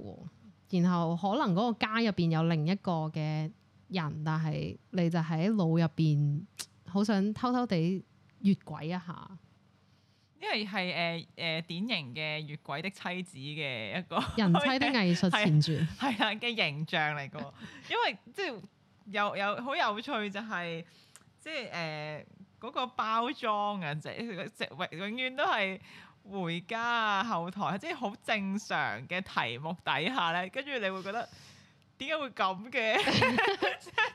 然後可能嗰個家入邊有另一個嘅人，但係你就喺腦入邊好想偷偷地越軌一下，因為係誒誒典型嘅越軌的妻子嘅一個人妻的藝術前傳，係呀嘅形象嚟嘅。 因為即係、就係、有有好有趣就係、係、即係誒嗰個包裝啊，即，即永永遠都係。回家啊，後台即係好正常嘅題目底下咧，跟住你會覺得點解會咁嘅？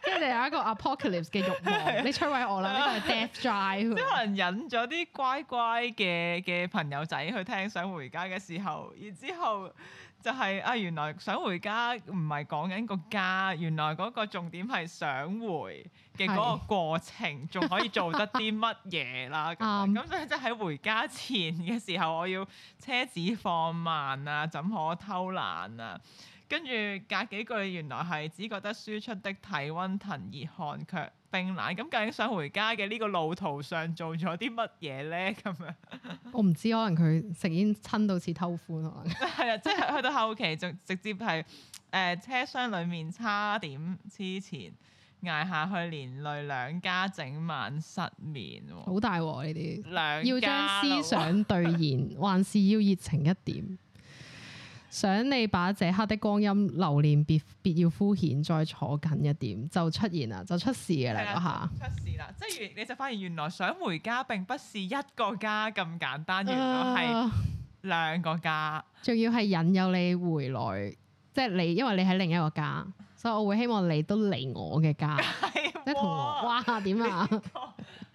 即 你 有一個 apocalypse 嘅欲望，你摧毀我啦！呢 個係 death drive，即係可能引咗啲乖乖嘅嘅朋友仔去聽想回家嘅時候，然之後就係、是、啊，原來想回家唔係講緊個家，原來嗰個重點係想回。嘅嗰個過程仲 可以做得啲乜嘢啦？咁咁所以即係喺回家前嘅時候，我要車子放慢啊，怎可偷懶啊？跟住隔幾句原來係只覺得輸出的體溫騰熱汗卻冰冷。咁究竟想回家嘅呢個路途上做咗啲乜嘢咧？咁 樣我唔知，可能佢食煙親到似偷歡，係啊， 即係去到後期就直接係誒、呃、車廂裡面差點之前。捱下去連累兩家整晚失眠，好大鑊呢啲。兩家要將思想兌現， 還是要熱情一點。想你把這刻的光陰留念，別別要敷衍，再坐近一點就出現啦，就出事嘅啦嚇！的下出事啦！即係你就發現原來想回家並不是一個家咁簡單，原來係兩個家，仲、呃、要係引誘你回來，即係你因為你喺另一個家。所以我會希望你都嚟我嘅家，即係同我 哇，點啊？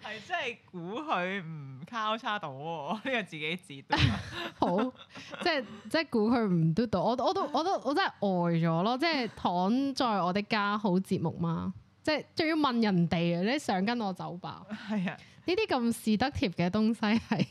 係真係估佢唔交叉到喎，呢個自己節好，即係即係估佢唔嘟到，我我都我都我真係呆咗咯，即係躺在我的家好節目嘛，即係仲要問人哋啊？你想跟我走吧？係 是啊，呢啲咁是得貼嘅東西係。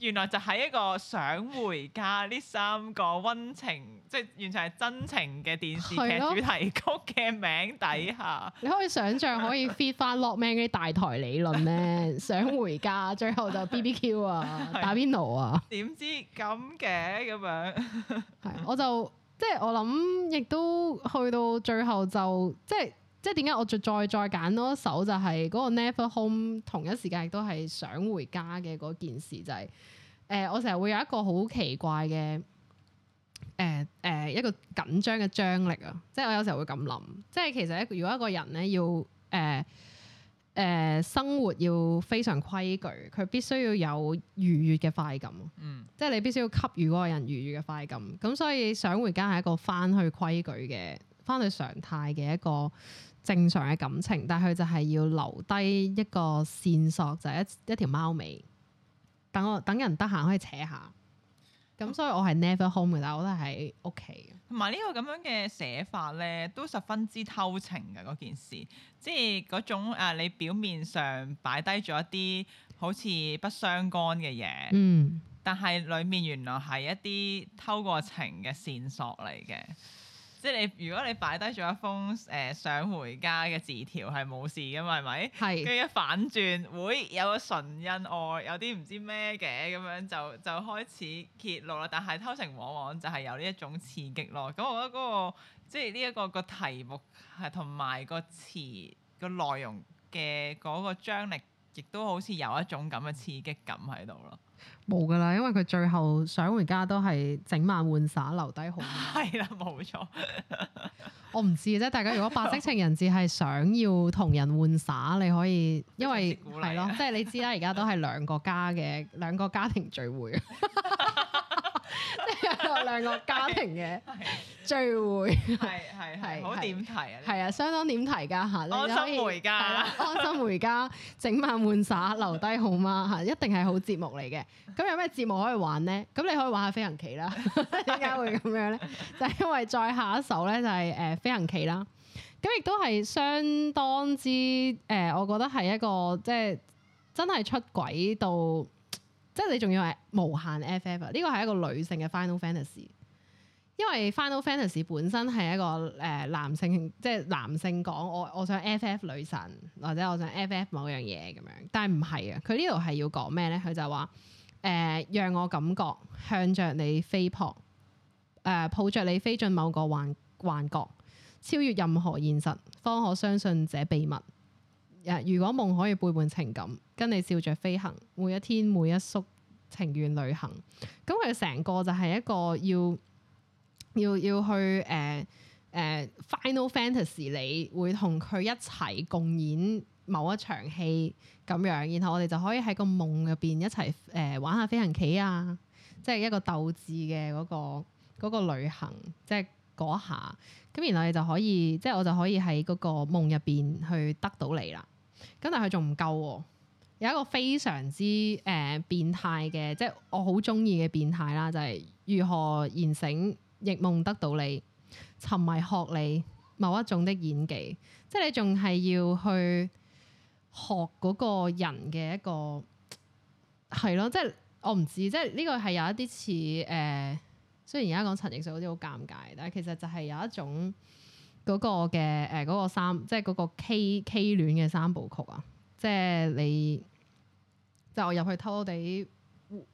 原來就喺一個想回家呢三個溫情，即係完全係真情嘅電視劇主題曲嘅名底下，啊、 你可以想象可以 fit 翻 lockman、嗰、啲大台理論咧， 想回家，最後就 BBQ 啊， 打邊爐啊，點知咁嘅咁樣？係， 我就即係、就是、我諗，亦都去到最後就即係。就是即係點解我再再揀多一首就係嗰個 Never Home 同一時間亦都係想回家嘅嗰件事就係、是、誒、呃、我成日會有一個好奇怪嘅誒誒一個緊張嘅張力啊！即係我有時候會咁諗，即係其實如果一個人咧要誒誒、呃呃、生活要非常規矩，佢必須要有愉悅嘅快感。嗯，即係你必須要給予嗰個人愉悅嘅快感。咁所以想回家係一個返去規矩嘅返去常態嘅一個。正常嘅感情，但係佢就係要留低一個線索，就係、是、一一條貓尾，等我等人得閒可以扯下。咁所以我係 never home 嘅，但我都係喺屋企。同埋呢個咁樣嘅寫法咧，都十分之偷情嘅嗰件事，即係嗰種誒、呃，你表面上擺低咗一啲好似不相干嘅嘢，嗯，但係裏面原來係一啲偷過情嘅線索嚟嘅。即係你，如果你擺低咗一封誒想、呃、回家嘅字條係冇事㗎嘛？係咪？跟住係一反轉，會、哎、有個唇印，哦，有啲唔知咩嘅咁樣就，就就開始揭露啦。但係偷情往往就係有呢一種刺激咯。咁我覺得嗰、嗰個即係呢一個、這個這個題目係同埋個詞、這個內容嘅嗰個張力，亦都好似有一種咁嘅刺激感喺度咯。冇㗎喇，因為佢最後想回家都係整晚換撒留低好。係啦，冇錯。我唔知即啫，大家如果白色情人節係想要同人換撒，你可以因為係咯，即係你知啦，而家都係兩個家嘅兩個家庭聚會。 即係一個兩個家庭嘅聚會， 係係係好點提啊？係啊，相當點提噶吓，安心回家， 安心回家， 整晚玩耍，留低好嗎吓，一定係好節目嚟嘅。咁有咩節目可以玩咧？咁你可以玩下飛行棋啦。點 解會咁樣咧？ 就係因為再下一首咧，就係、是、誒、呃、飛行棋啦。咁亦都係相當之誒、呃，我覺得係一個即係、就是、真係出軌到。即係你仲要係無限 FF，呢個係一個女性嘅 Final Fantasy，因為 Final Fantasy 本身係一個誒男性，即係男性講我我想 FF 女神或者我想 FF 某樣嘢咁樣，但係唔係啊！佢呢度係要講咩咧？佢就話誒、呃、讓我感覺向着你飛撲誒、呃、抱着你飛進某個幻幻覺超越任何現實方可相信這秘密。如果夢可以背叛情感，跟你笑着飛行，每一天每一宿情願旅行，咁佢成個就係一個要要要去誒誒、uh, uh, Final Fantasy，你會同佢一齊共演某一場戲咁樣，然後我哋就可以喺個夢入邊一齊誒、呃、玩下飛行棋啊，即、就、係、是、一個鬥智嘅、那個、那個旅行，即、就、係、是、下，咁然後你就可以，即、就、係、是、我就可以喺嗰個夢入邊去得到你啦。咁但係佢仲唔夠喎、哦？有一個非常之誒、呃、變態嘅，即係我好中意嘅變態啦，就係、是、如何現成亦夢得到你，沉迷學你某一種的演技，即係你仲係要去學嗰個人嘅一個係咯，即係我唔知，即係呢個係有一啲似誒，雖然而家講陳奕迅嗰啲好尷尬，但係其實就係有一種。嗰個嘅誒嗰個三即係嗰個 K K 戀嘅三部曲啊！即係你，就是、我入去偷偷地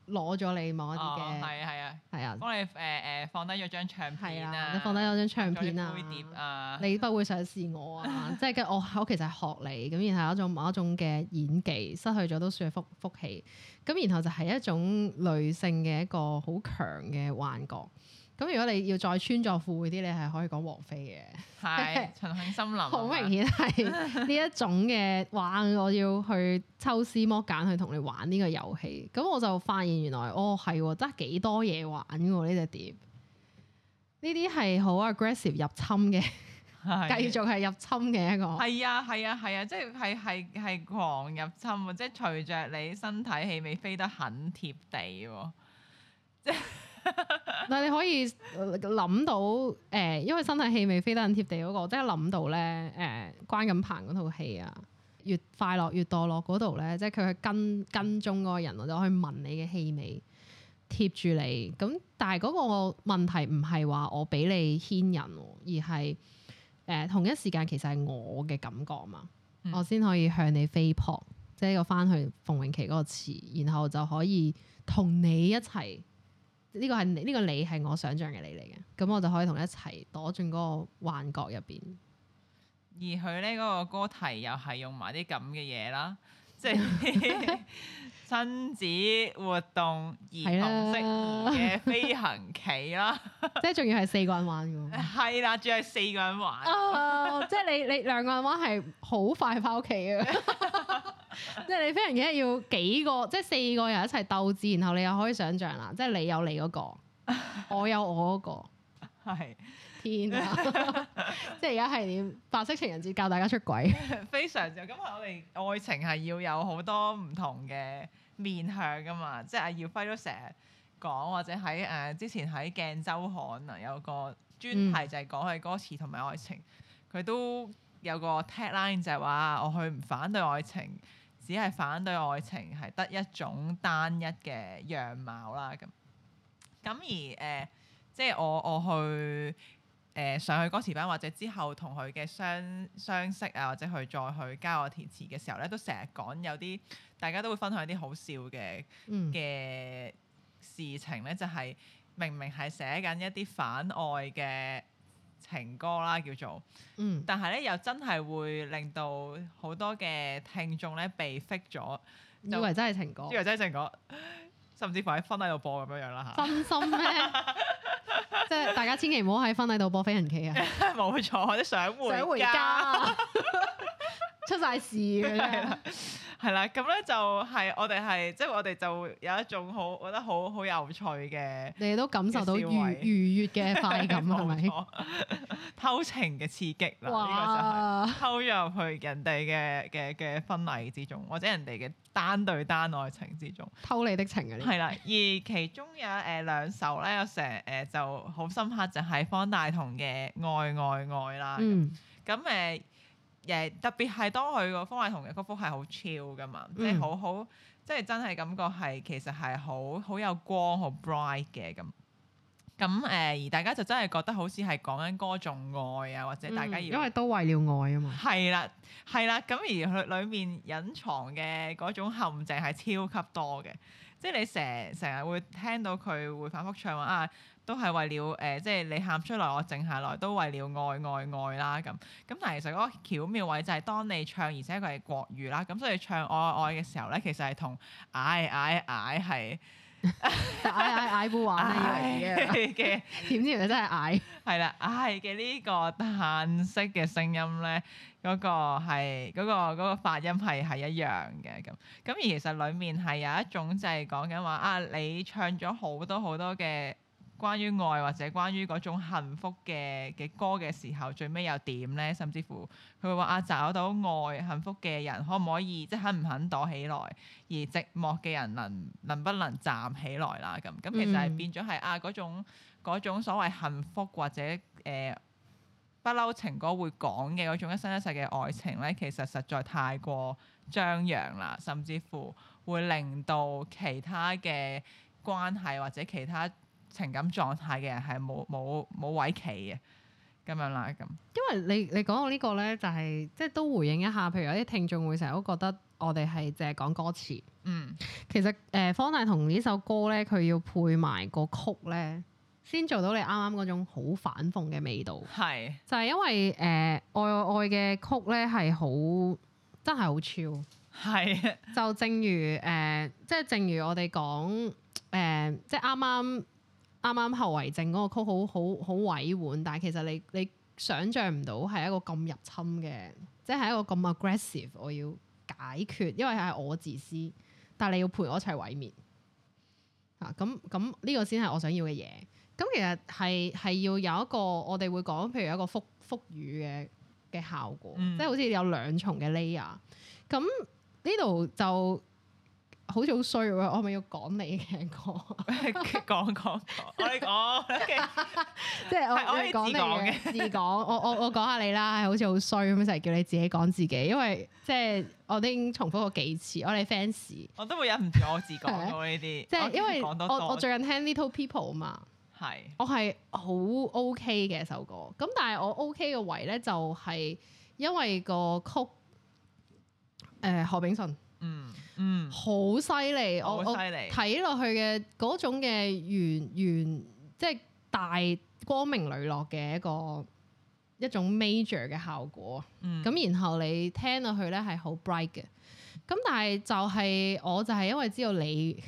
攞咗你某一啲嘅，係啊係啊係啊，的幫你誒誒、呃、放低咗張唱片啊，你放低咗張唱片啊！啊你不會想試我啊？即係 我我其實係學你咁，然後有一種某一種嘅演技失去咗都算係福福氣，咁然後就係一種女性嘅一個好強嘅幻覺。咁如果你要再穿鑿附會啲，你係可以講王菲嘅，係重慶森林，好明顯係呢一種嘅玩。我要去抽絲剝繭去同你玩呢個遊戲。咁我就發現原來哦係真係幾多嘢玩喎呢隻碟。呢啲係好 aggressive 入侵嘅，的 繼續係入侵嘅一個。係啊係啊係啊，即係係係狂入侵啊！即係隨着你身體氣味飛得很貼地喎，即係。 但你可以諗到誒、呃，因為身體氣味飛得咁貼地嗰，那個，即係諗到咧誒、呃，關錦鵬嗰套戲啊，越快樂越墮落嗰度咧，即係佢去跟跟蹤嗰個人，就去聞你嘅氣味，貼住你。咁但係嗰個問題唔係話我俾你牽引，而係誒、呃、同一時間其實係我嘅感覺嘛，嗯、我先可以向你飛撲，即係個翻去馮穎琪嗰個詞，然後就可以同你一齊。呢個係呢個你係我想象嘅你嚟嘅，咁我就可以同你一齊躲進嗰個幻覺入邊。而佢咧嗰個歌題又係用埋啲咁嘅嘢啦，即係親子活動兒童式嘅飛行棋啦，了 即係仲要係四個人玩嘅喎。係啦，仲係四個人玩，哦、oh，即係你你兩個人玩係好快返屋企嘅。 即係你非常記得要幾個，即係四個人一齊鬥智，然後你又可以想象啦，即係你有你嗰、那個， 我有我嗰、那個，係是天啊！ 即係而家係點？白色情人節教大家出軌， 非常就咁。我哋愛情係要有好多唔同嘅面向噶嘛。即係阿耀輝都成日講，或者喺誒、呃、之前喺鏡周刊啊有個專題就係講佢歌詞同埋愛情，佢、嗯、都有個 tagline 就係話：，我去唔反對愛情。只係反對愛情係得一種單一嘅樣貌啦，咁咁而誒、呃，即係我我去誒、呃、上去歌詞班或者之後同佢嘅相相識啊，或者佢再去教我填詞嘅時候咧，都成日講有啲大家都會分享啲好笑嘅嘅、嗯、事情咧，就係、是、明明係寫緊一啲反愛嘅。情歌啦叫做，但係咧又真係會令到好多嘅聽眾咧被識咗，以為真係情歌，以為真係情歌，甚至乎喺婚禮度播咁樣樣啦，嚇，真心咩？ 即係大家千祈唔好喺婚禮度播飛行棋啊！冇 錯，我都想回想回家。 出晒事嘅，咧，係啦，咁咧就係我哋係，即係我哋就有一種好，覺得好好有趣嘅。你都感受到愉愉悅嘅快感係咪？偷情嘅刺激啦，偷入去人哋嘅嘅嘅婚禮之中，或者人哋嘅單對單愛情之中，偷你的情嗰啲。係啦了， 而其中有誒兩首咧，有成誒就好深刻，就係方大同嘅愛愛愛啦。咁誒。誒特別係當佢個方大同嘅曲風係好 chill 噶嘛，嗯、即係好好，即係真係感覺係其實係好好有光好 bright 嘅咁，咁誒、呃、而大家就真係覺得好似係講緊歌頌愛啊，或者大家要、嗯、因為都為了愛啊嘛，係啦係啦，咁而佢裡面隱藏嘅嗰種陷阱係超級多嘅，即係你成成日會聽到佢會反覆唱話啊。都係為了誒、呃，即係你喊出來，我靜下來，都為了愛愛愛啦咁。咁但係其實嗰個巧妙位就係當你唱，而且佢係國語啦，咁所以唱愛愛愛嘅時候咧，其實係同嗌嗌嗌係嗌嗌嗌孤玩嘅嘅，點知原來真係嗌，係啦嗌嘅呢個嘆息嘅聲音咧，嗰個係嗰個嗰個發音係係一樣嘅咁。咁而其實裡面係有一種就係講緊話啊，你唱咗好多好多嘅。關於愛或者關於嗰種幸福嘅嘅歌嘅時候，最尾又點咧？甚至乎佢會話啊，找到愛幸福嘅人可唔可以即係肯唔肯躲起來？而寂寞嘅人能能不能站起來啦？咁咁其實係變咗係啊嗰種嗰種所謂幸福或者誒不嬲情歌會講嘅嗰種一生一世嘅愛情咧，其實實在太過張揚啦，甚至乎會令到其他嘅關係或者其他。情感狀態嘅人係冇冇冇位企嘅，咁樣啦咁。因為你你講到呢個咧、就是，就係即係都回應一下，譬如有啲聽眾會成日都覺得我哋係淨係講歌詞。嗯，其實誒、呃、方大同呢首歌咧，佢要配埋個曲咧，先做到你啱啱嗰種好反諷嘅味道。係是 就係因為誒、呃、愛愛愛嘅曲咧係好真係好超。係就正如誒，即、呃、係正如我哋講誒，即係啱啱。啱啱後遺症嗰個曲好好好，好委婉，但係其實你你想像唔到係一個咁入侵嘅，即係一個咁 aggressive，我要解決，因為係我自私，但係你要陪我一齊毀滅啊！咁咁呢個先係我想要嘅嘢。咁其實係係要有一個我哋會講，譬如一個覆覆語嘅嘅效果，嗯、即係好似有兩重嘅 layer。咁呢度就～好似好衰喎，我係咪要講你嘅歌？講講講，我哋講， okay 即係我我講你嘅自講。我我我講下你啦，好似好衰咁，成日叫你自己講自己。因為即係我都已經重複過幾次。我哋 fans 我都會忍唔住，我自講呢啲。 即係因為我我最近聽 little people 啊嘛，係是我係好 OK 嘅一首歌。咁但係我 OK 嘅位咧就係因為個曲，誒、呃、何炳順。嗯嗯，好犀利，我我睇落去嘅嗰種嘅圓圓，即係、就是、大光明磊落嘅一個一種 major 嘅效果。咁、嗯、然後你聽落去咧係好 bright 嘅，咁但係就係我就係因為知道你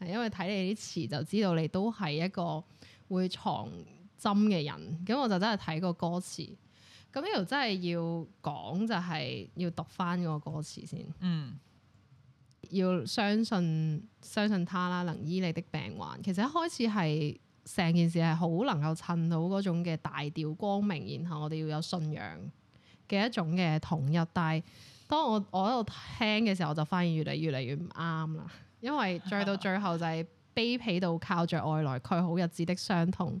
係因為睇你啲詞就知道你都係一個會藏針嘅人，咁我就真係睇個歌詞。咁呢度真係要講就係要讀翻個歌詞先，嗯。要相信相信他啦，能醫你的病患。其實一開始係成件事係好能夠襯到嗰種嘅大調光明，然後我哋要有信仰嘅一種嘅統一。但係當我我喺度聽嘅時候，我就發現越嚟越嚟越唔啱啦。因為再到最後就係卑鄙到靠着外來佢好日子的傷痛，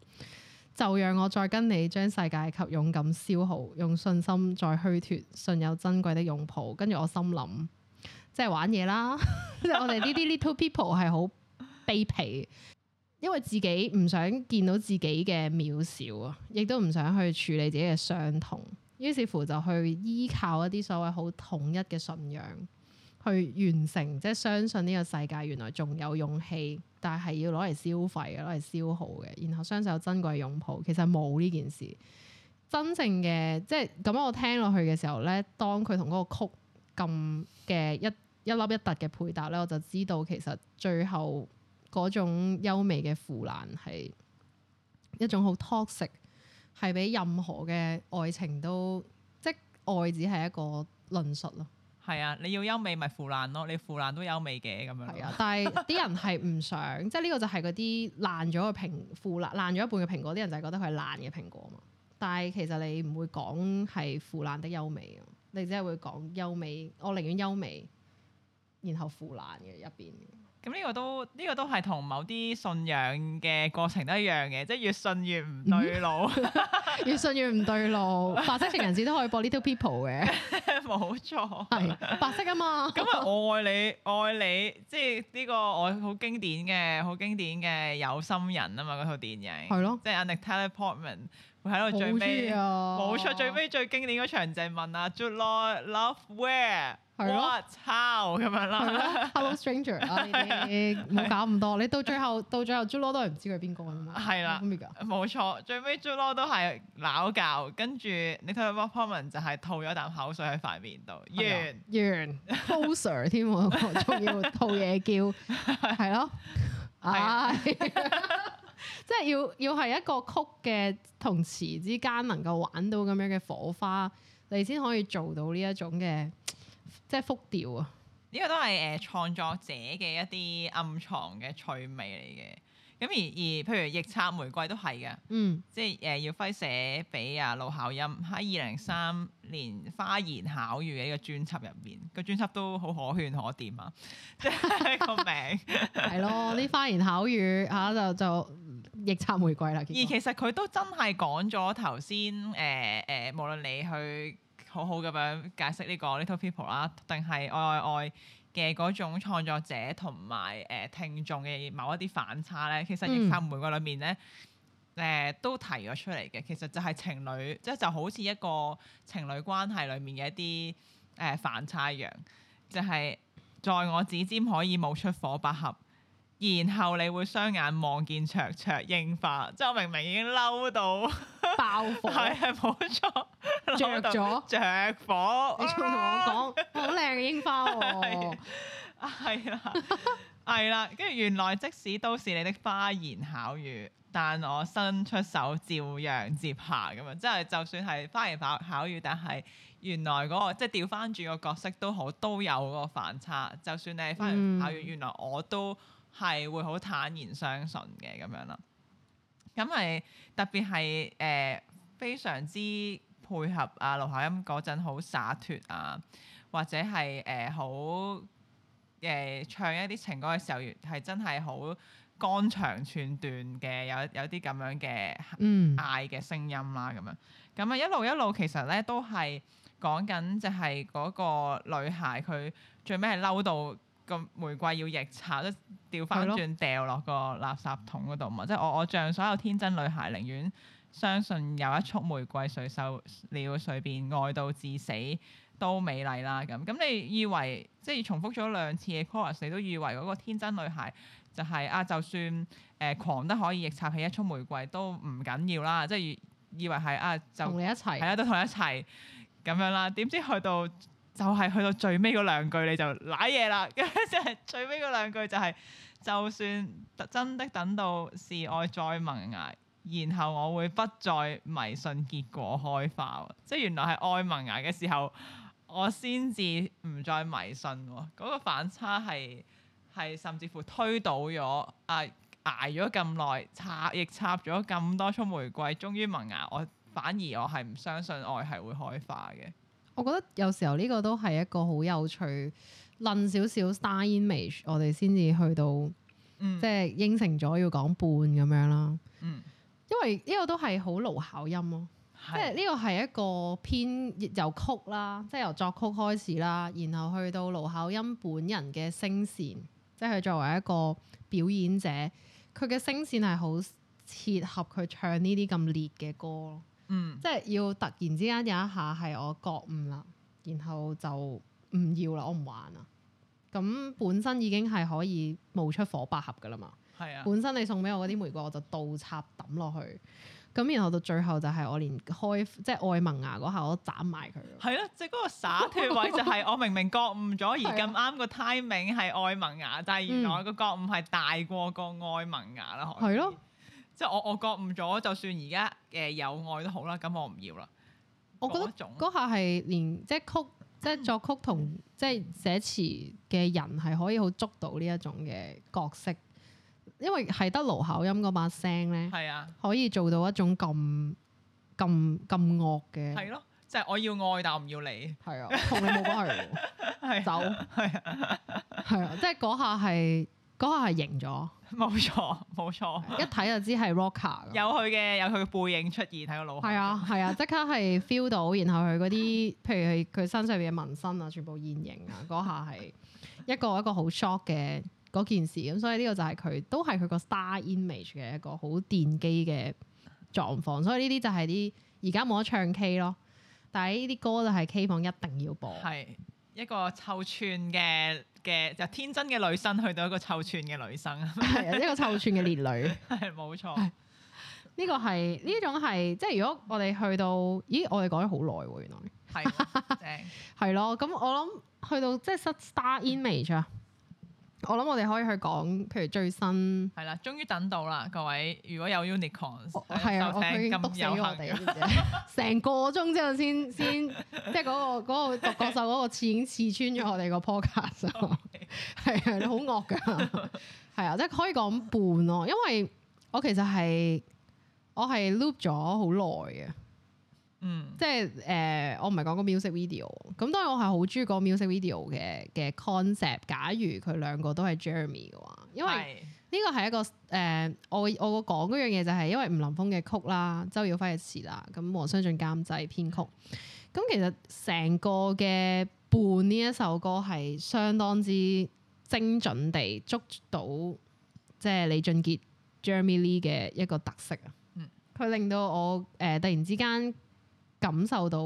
就讓我再跟你將世界及勇敢消耗，用信心再虛脫，信有珍貴的擁抱。跟住我心諗。即係玩嘢啦，就 我哋呢啲 little people 係好卑鄙，因為自己唔想見到自己嘅渺小啊，亦都唔想去處理自己嘅傷痛，於是乎就去依靠一啲所謂好統一嘅信仰去完成，即係相信呢個世界原來仲有勇氣，但係要攞嚟消費嘅，攞嚟消耗嘅，然後相信有珍貴嘅擁抱，其實冇呢件事，真正嘅即係咁我聽落去嘅時候咧，當佢同嗰個曲。咁嘅一一粒一突嘅配搭咧，我就知道其實最後嗰種優美嘅腐爛係一種好 toxic，係畀任何嘅愛情都即愛只係一個論述咯。係啊，你要優美咪腐爛咯，你腐爛都優美嘅咁樣。係 啊，但係啲人係唔想，即係呢個就係嗰啲爛咗個蘋腐爛爛咗一半嘅蘋果，啲人就係覺得佢係爛嘅蘋果嘛。但係其實你唔會講係腐爛的優美。你即係會講優美，我寧願優美，然後腐爛嘅入邊。咁呢個都呢、呢個都係同某啲信仰嘅過程都一樣嘅，即係越信越唔對路，嗯、 越信越唔對路。白色情人節都可以播 Little People 嘅，冇錯，係白色啊嘛。咁啊 我愛你，愛你，即係呢個我好經典嘅，好經典嘅有心人啊嘛，嗰套電影係咯，的即係《Annie Teleportment》。喺度最尾，冇錯，最尾最經典嗰場就係問阿 Joolo Love Where What How 咁樣啦，Hello Stranger 啊唔好搞咁多，你到最後到最後 Joolo 都係唔知佢邊個啊嘛，係啦，冇錯，最尾 Joolo 都係鬧交，跟住你睇下 performance 就係吐咗啖口水喺塊面度，完完 poser 添喎，仲要吐嘢叫係咯，唉。即係要要係一個曲嘅同詞之間能夠玩到咁樣嘅火花，你先可以做到呢一種嘅即係複調啊！呢個都係誒創作者嘅一啲暗藏嘅趣味嚟嘅。咁而而譬如《逆插玫瑰》都係噶，嗯，即係誒要揮寫俾啊，盧巧音喺二零零三年《花言巧語》嘅呢個專輯入面，個專輯都好可圈可點啊！即係個名係咯，啲花言巧語吓就就。《逆插玫瑰》啦，結而其實佢都真係講咗頭先，誒誒，無論你去好好咁樣解釋呢個 little people 啦，定係愛愛愛嘅嗰種創作者同埋誒聽眾嘅某一啲反差咧，其實逆插玫瑰裏面咧誒都提咗出嚟嘅，其實就係情侶，即係就好似一個情侶關係裏面嘅一啲誒反差一樣，就係在我指尖可以冒出火百合。然後你會雙眼望見灼灼櫻花，即我明明已經嬲到爆火，係係冇錯，着咗着火。你仲同我講好靚嘅櫻花喎、哦，係啦係啦，跟住 原來即使都是你的花言巧語，但我伸出手照樣接下咁啊！即、就、係、是、就算係花言巧巧語，但係原來嗰、那個即係調翻轉個角色都好都有個反差。就算你係花言巧語，嗯、原來我都。係會好坦然相信嘅咁樣咯，咁係特別係誒、呃、非常之配合阿盧巧音嗰陣好灑脫啊，或者係誒好誒唱一啲情歌嘅時候，係真係好肝腸寸斷嘅，有有啲咁樣嘅嗯嗌嘅聲音啦、啊、咁樣，咁啊一路一路其實咧都係講緊就係嗰個女孩佢最尾係嬲到。個玫瑰要逆插，都掉翻轉掉落個垃圾桶嗰度嘛！ 即係我我像所有天真女孩，寧願相信有一束玫瑰隨手了隨便，愛到至死都美麗啦咁。咁你以為即係重複咗兩次嘅 chorus，你都以為嗰個天真女孩就係、是、啊，就算誒、呃、狂得可以逆插起一束玫瑰都唔緊要啦，即係以為係啊就同你一齊，係啊都同你一齊咁樣啦。點知去到～就係去到最尾嗰兩句你就瀨嘢啦，咁就係最尾嗰兩句就係、是，就算真的等到示愛再萌芽，然後我會不再迷信結果開花，即係原來係愛萌芽嘅時候，我先至唔再迷信喎。嗰、那個反差係係甚至乎推倒咗啊，捱咗咁耐，插亦插咗咁多束玫瑰，終於萌芽，我反而我係唔相信愛係會開花嘅。我覺得有時候呢個都係一個好有趣嫩少少 star image，我哋先至去到，嗯、即係應承咗要講半咁樣啦。嗯、因為呢個都係好盧考音巧咯、啊，是的 即係呢個係一個編由曲啦，即係由作曲開始啦，然後去到盧巧音本人嘅聲線，即佢作為一個表演者，佢嘅聲線係好切合佢唱呢啲咁烈嘅歌。嗯，即係要突然之間有一下係我覺悟啦，然後就唔要啦，我唔玩啦。咁本身已經係可以冒出火百合噶啦嘛。係是啊，本身你送俾我嗰啲玫瑰，我就倒插抌落去。咁然後到最後就係我連開即係愛萌芽嗰下，我都斬埋佢。係咯，即係嗰個灑脫位就係我明明覺悟咗，而咁啱個 timing 係愛萌芽，但係是、啊、原來個覺悟係大過個愛萌芽啦。係咯。即係我我覺悟咗，就算而家誒有愛都好啦，咁我唔要啦。我覺得嗰下係連即係曲即係作曲同即係寫詞嘅人係可以好捉到呢一種嘅角色，因為係得盧巧音嗰把聲咧，係啊，可以做到一種咁咁咁惡嘅。係咯，即係我要愛但唔要你。係啊，同你冇關係，走，係啊，係啊，即係嗰下係嗰下係贏咗。冇錯冇錯，錯對一睇就知係 Rocker 有佢嘅有佢嘅背影出現，睇個腦。係啊係啊，即、啊、刻係 feel 到，然後佢嗰啲譬如佢佢身上嘅紋身啊，全部現形啊，嗰下係一個 一個好 shock 嘅嗰件事。咁所以呢個就係佢都係佢個 star image 嘅一個好電機嘅狀況。所以呢啲就係啲而家冇得唱 K 咯，但係呢啲歌就係 K 房一定要播，係。一個臭串嘅嘅就天真嘅女生，去到一個臭串嘅女生，係一個臭串嘅烈女， 係冇錯。呢個係呢種係，即係如果我哋去到，咦？我哋講咗好耐喎，原來係係咯。咁 正 我諗去到，即係出 Star Image 啊、嗯。我諗我哋可以去講，譬如最新係啦，終於等到啦，各位如果有 unicorns，係啊我，我已經篤死我哋成 個鐘之後先先，即係嗰、那個嗰角受獨角獸嗰個刺已經刺穿咗我哋個 podcast，係啊，你好惡噶，係 啊，即係可以講半咯，因為我其實係我係 loop 咗好耐嘅。嗯即，即係誒，我唔係講個 music video，咁當然我係好中意個 music video 嘅嘅 concept。假如佢兩個都係 Jeremy 嘅話，因為呢個係一個誒、呃，我我講嗰樣嘢就係因為吳林峰嘅曲啦，周耀輝嘅詞啦，咁王雙駿監製編曲，咁其實成個嘅半呢一首歌係相當之精準地捉到，即、就、係、是、李駿傑 Jeremy Lee 嘅一個特色啊。佢、嗯、令到我誒、呃、突然之間。感受到，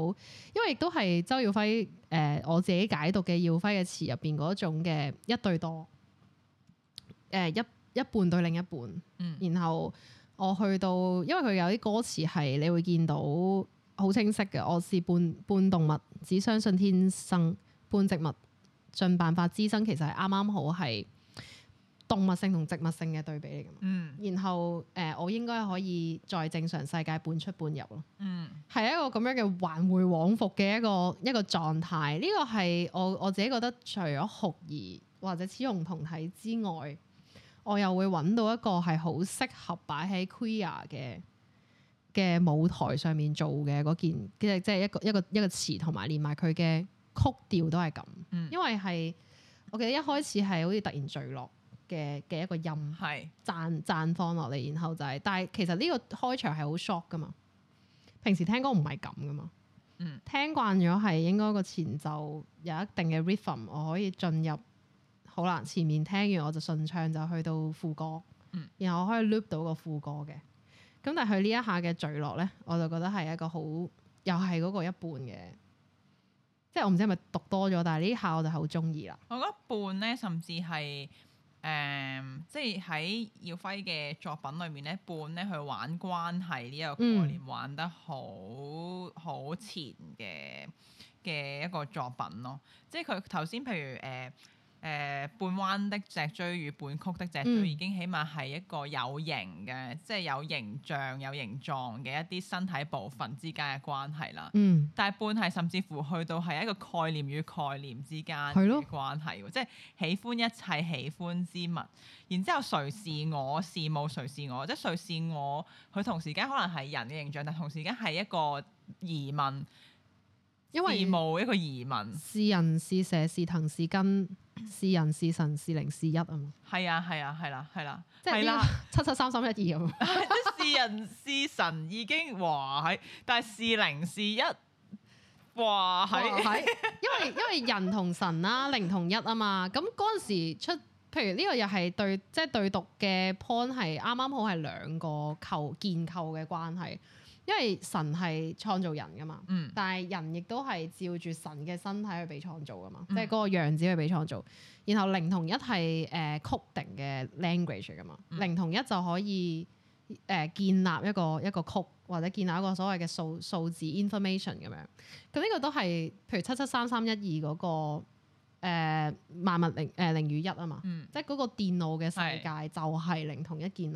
因為亦都係周耀輝誒、呃，我自己解讀嘅耀輝嘅詞入邊嗰種嘅一對多，誒、呃、一一半對另一半，嗯，然後我去到，因為佢有啲歌詞係你會見到好清晰嘅，我是半半動物，只相信天生半植物，盡辦法滋生，其實係啱啱好係。動物性同植物性嘅對比嚟㗎嘛，嗯、然後誒、呃，我應該可以在正常世界半出半入咯，嗯，係一個咁樣嘅環迴往復嘅一個一個狀態。呢、這個係我我自己覺得除，除咗酷兒或者雌雄同體之外，我又會揾到一個係好適合擺喺 Queer 嘅嘅舞台上面做嘅嗰件，即係即係一個一個一個詞，同埋連埋佢嘅曲調都係咁。嗯、因為係我記得一開始係好似突然墜落。嘅嘅一個音，係湛湛放落嚟，然後就係、是，但係其實呢個開場係好 shock 噶嘛。平時聽歌唔係咁噶嘛，嗯，聽慣咗係應該個前奏有一定嘅 rhythm，我可以進入，好難前面聽完我就順暢，就去到副歌，嗯、然後我可以 loop 到個副歌嘅。咁但係佢呢一下嘅墜落咧，我就覺得係一個好又係嗰個一半嘅，即係我唔知係咪讀多咗，但係呢下我就好中意啦。我覺得一半咧，甚至係。誒，um, 即係喺耀輝嘅作品裏面咧，半咧佢玩關係呢一個概念，玩得好好、嗯、前嘅嘅一個作品咯。即係佢頭先譬如誒。呃誒、呃、半彎的脊椎與半曲的脊椎已經起碼係一個有形嘅，嗯、即係有形象、有形狀嘅一啲身體部分之間嘅關係啦。嗯，但係半係甚至乎去到係一個概念與概念之間嘅關係喎，對咯 即係喜歡一切喜歡之物，然之後誰是我，事務誰是我，即係誰是我，佢同時間可能係人嘅形象，但同時間係一個疑問，因為無一個疑問，是人是蛇是藤是根。是人是神是零是一啊嘛，係啊係啊係啦係啦，係啦七七三三一二咁，即係是人是神已經哇喺，但係是零是一哇喺，因為因為人同神啦，零同一啊嘛，咁嗰陣時出，譬如呢個又係對，即係對讀嘅 point 係啱啱好係兩個構建構嘅關係。因為神係創造人噶嘛，嗯、但係人亦都係照住神嘅身體去被創造噶嘛，嗯、即係嗰個樣子去被創造。然後零同一係誒、uh, coding 嘅 language 噶嘛，嗯、零同一就可以誒、uh, 建立一個一個 code 或者建立一個所謂嘅數數字 information 咁樣。咁呢個都係譬如七七三三一二嗰個誒、uh, 萬物零誒、呃、零與一啊嘛，嗯、即係嗰個電腦嘅世界就係零同一建立。咁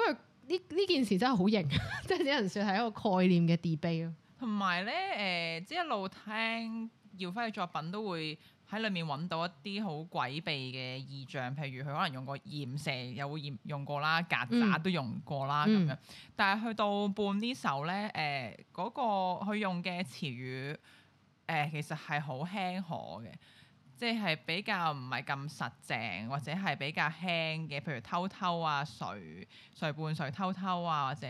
佢、嗯。嗯呢呢件事真係好型，即係只能算係一個概念嘅 debate 咯。同埋咧，誒、呃、即一路聽耀輝嘅作品，都會喺裏面揾到一啲好詭秘嘅意象，譬如佢可能用過鹽蛇，又會用過啦，曱甴都用過啦咁、嗯、樣。但係去到半呢首咧，誒、呃、嗰、那個佢用嘅詞語，誒、呃、其實係好輕可嘅。即係比較唔係咁實淨，或者係比較輕嘅，譬如偷偷啊、垂垂半垂偷偷啊，或者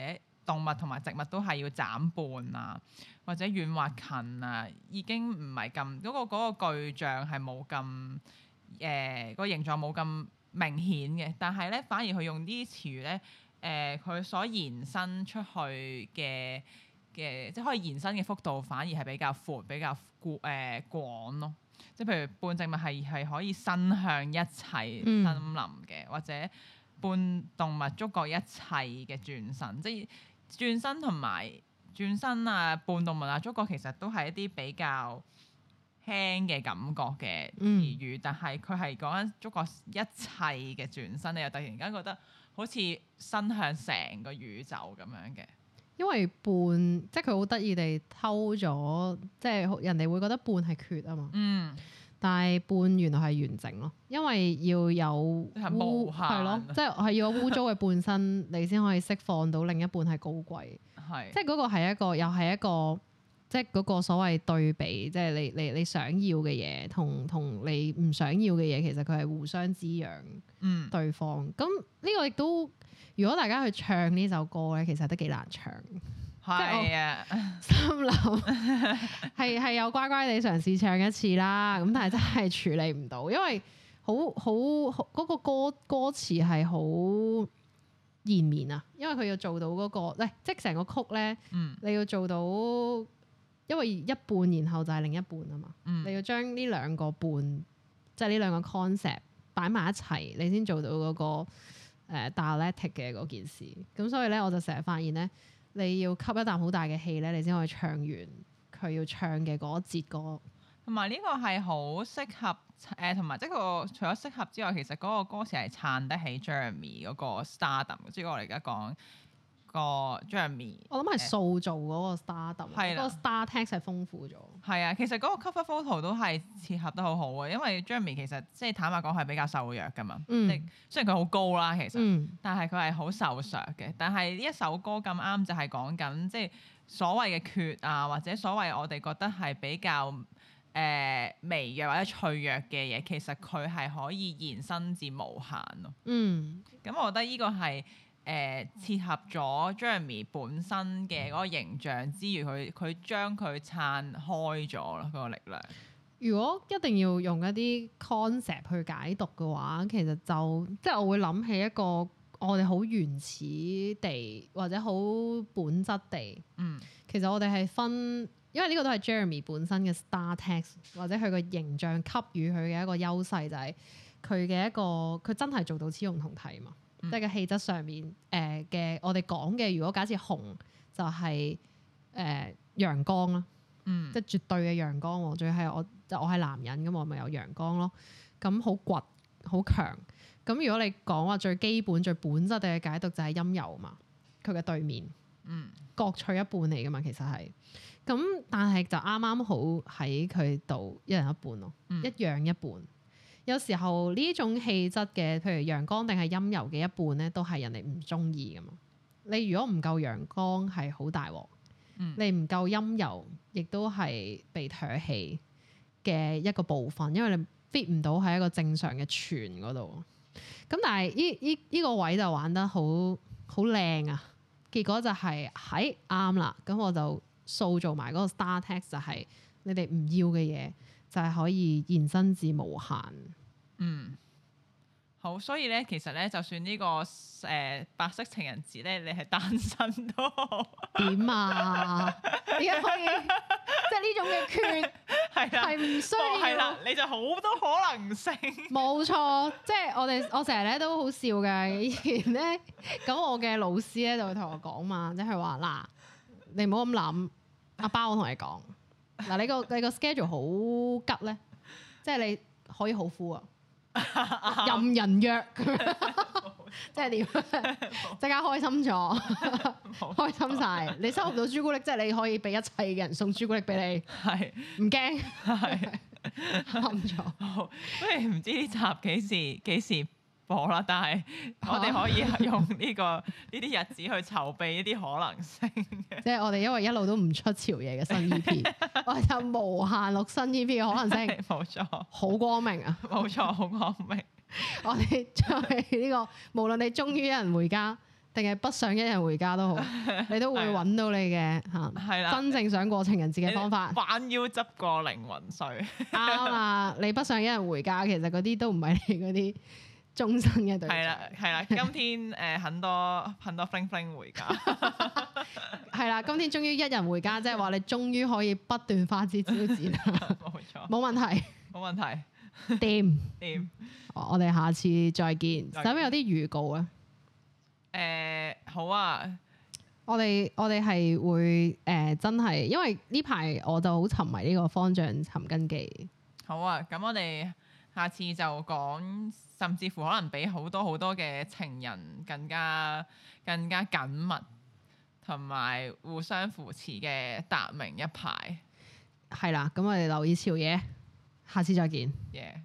動物同埋植物都係要斬半啊，或者軟或近啊，已經唔係咁嗰個嗰個具象係冇咁誒、個形狀冇咁明顯嘅，但係咧，反而佢用啲詞語咧，誒、佢所延伸出去嘅嘅，即係可以延伸嘅幅度反而係比較闊，比較固，誒、呃、廣咯。即係譬如半植物係係可以伸向一切森林嘅，嗯、或者半動物觸角一切嘅轉身，即係轉身同埋轉身啊，半動物啊觸角其實都係一啲比較輕嘅感覺嘅詞語，嗯、但係佢係講緊觸角一切嘅轉身，你又突然間覺得好似伸向成個宇宙咁樣嘅。因為半即係佢好得意地偷咗，即係人哋會覺得半係缺啊嘛。嗯。但係半原來係完整咯，因為要有污咯無限，即係係要污糟嘅半身， 你先可以釋放到另一半係高貴。是 即係嗰個係一個又係一個，即係嗰個所謂對比，即係你你你想要嘅嘢同同你唔想要嘅嘢，其實佢係互相滋養對方。咁呢、嗯、個亦都。如果大家去唱呢首歌咧，其實都幾難唱。係是啊 心，心諗係係有乖乖地嘗試唱一次啦。咁但係真係處理唔到，因為好好嗰個歌歌詞係好延綿啊。因為佢要做到嗰、嗰個，即係成個曲咧，嗯、你要做到，因為一半，然後就係另一半啊嘛。嗯、你要將呢兩個半，即係呢兩個 concept 擺埋一齊，你先做到嗰、嗰個。誒 Dalatik 嘅嗰件事，咁所以咧我就成日發現咧，你要吸一啖好大嘅氣咧，你先可以唱完佢要唱嘅嗰一節歌。同埋呢個係好適合誒、同埋即係個除咗適合之外，其實嗰個歌詞係撐得起 Jeremy 嗰個 stardom。即係我哋而家講。個 Jeremy，我諗係塑造嗰個 star 度、欸，嗰個 star text 係豐富咗。係啊，其實嗰個 cover photo 都係切合得好好嘅，因為 Jeremy 其實即係坦白講係比較瘦弱嘅嘛。嗯。雖然佢好高啦，其實，但係佢係好瘦削嘅。但係呢一首歌咁啱就係講緊即係所謂嘅缺啊，或者所謂我哋覺得係比較誒、呃、微弱或者脆弱嘅嘢，其實佢係可以延伸至無限咯。嗯。咁、嗯、我覺得呢個係。誒、呃，切合咗 Jeremy 本身嘅嗰個形象之餘，佢佢將佢撐開咗咯，嗰、那個力量。如果一定要用一啲 concept 去解讀嘅話，其實就即係我會諗起一個我哋好原始地或者好本質地，嗯，其實我哋係分，因為呢個都係 Jeremy 本身嘅 star text 或者佢個形象給予佢嘅一個優勢就係佢嘅一個佢真係做到雌雄同體嘛。即係個氣質上面，誒、呃、嘅我哋講嘅，如果假設紅就係、是、誒、呃、陽光啦，即係絕對嘅陽光喎，仲要係我就我係男人咁，我咪有陽光咯，咁好倔好強，咁如果你講話最基本最本質嘅解讀就係陰柔嘛，佢嘅對面，嗯、各取一半嚟㗎嘛，其實係，咁但係就啱啱好喺佢度一人一半咯，嗯、一樣一半。有時候呢種氣質嘅，譬如陽光定係陰柔嘅一半咧，都係人哋唔中意噶嘛。你如果唔夠陽光係好大鑊，嗯、你唔夠陰柔，亦都係被唾棄嘅一個部分，因為你 fit 唔到喺一個正常嘅圈嗰度。咁但係依依依個位就玩得好好靚啊！結果就係喺啱啦，咁我就塑造埋嗰個 star text 就係你哋唔要嘅嘢。就係可以延伸至無限。嗯，好，所以咧，其實咧，就算呢、這個誒、呃、白色情人節咧，你係單身都點啊？而家 可以即係呢種嘅權係唔需要、這個。係啦、哦啊，你就好多可能性。冇 錯，即、就、係、是、我哋我成日咧都好笑嘅。以前咧，咁我嘅老師咧就會同我講嘛，即係話嗱，你唔好咁諗。阿包，我同你講。嗱，你個你個 schedule 好急咧，即係你可以好 full 啊， 任人約 即係點？即 刻開心咗， 開心晒了。 你收唔到朱古力，即係 你可以俾一切嘅人送朱古力俾你，係唔驚？係 了，冧咗。喂，唔知呢集幾時幾時？火啦，但係我哋可以用呢個呢啲日子去籌備呢啲可能性。即係我哋因為一路都唔出潮野嘅新 EP，我哋就無限錄新 EP 嘅可能性。冇錯，好光明啊！冇錯，好光明。我哋就係呢個，無論你終於一人回家，定係不想一人回家都好，你都會揾到你嘅吓。係啦，真正想過情人節嘅方法，彎腰執過靈魂碎。啱啊！你不想一人回家，其實嗰啲都唔係你嗰啲。終身嘅對象。係啦，係啦，今天誒、呃、很多很多 bling bling 回家。係啦，今天終於一人回家，即係話你終於可以不斷花枝招展。冇 錯，冇問題，冇問題。掂掂，我哋下次再見。使唔使有啲預告啊？誒、uh, 好啊！我哋我哋係會誒、呃、真係，因為呢排我就好沉迷呢個方丈尋根記。好啊，咁我哋下次就講。甚至乎可能比好多好多嘅情人更加更加緊密，同埋互相扶持嘅達明一派，係啦。咁我哋留意潮野，下次再見。Yeah.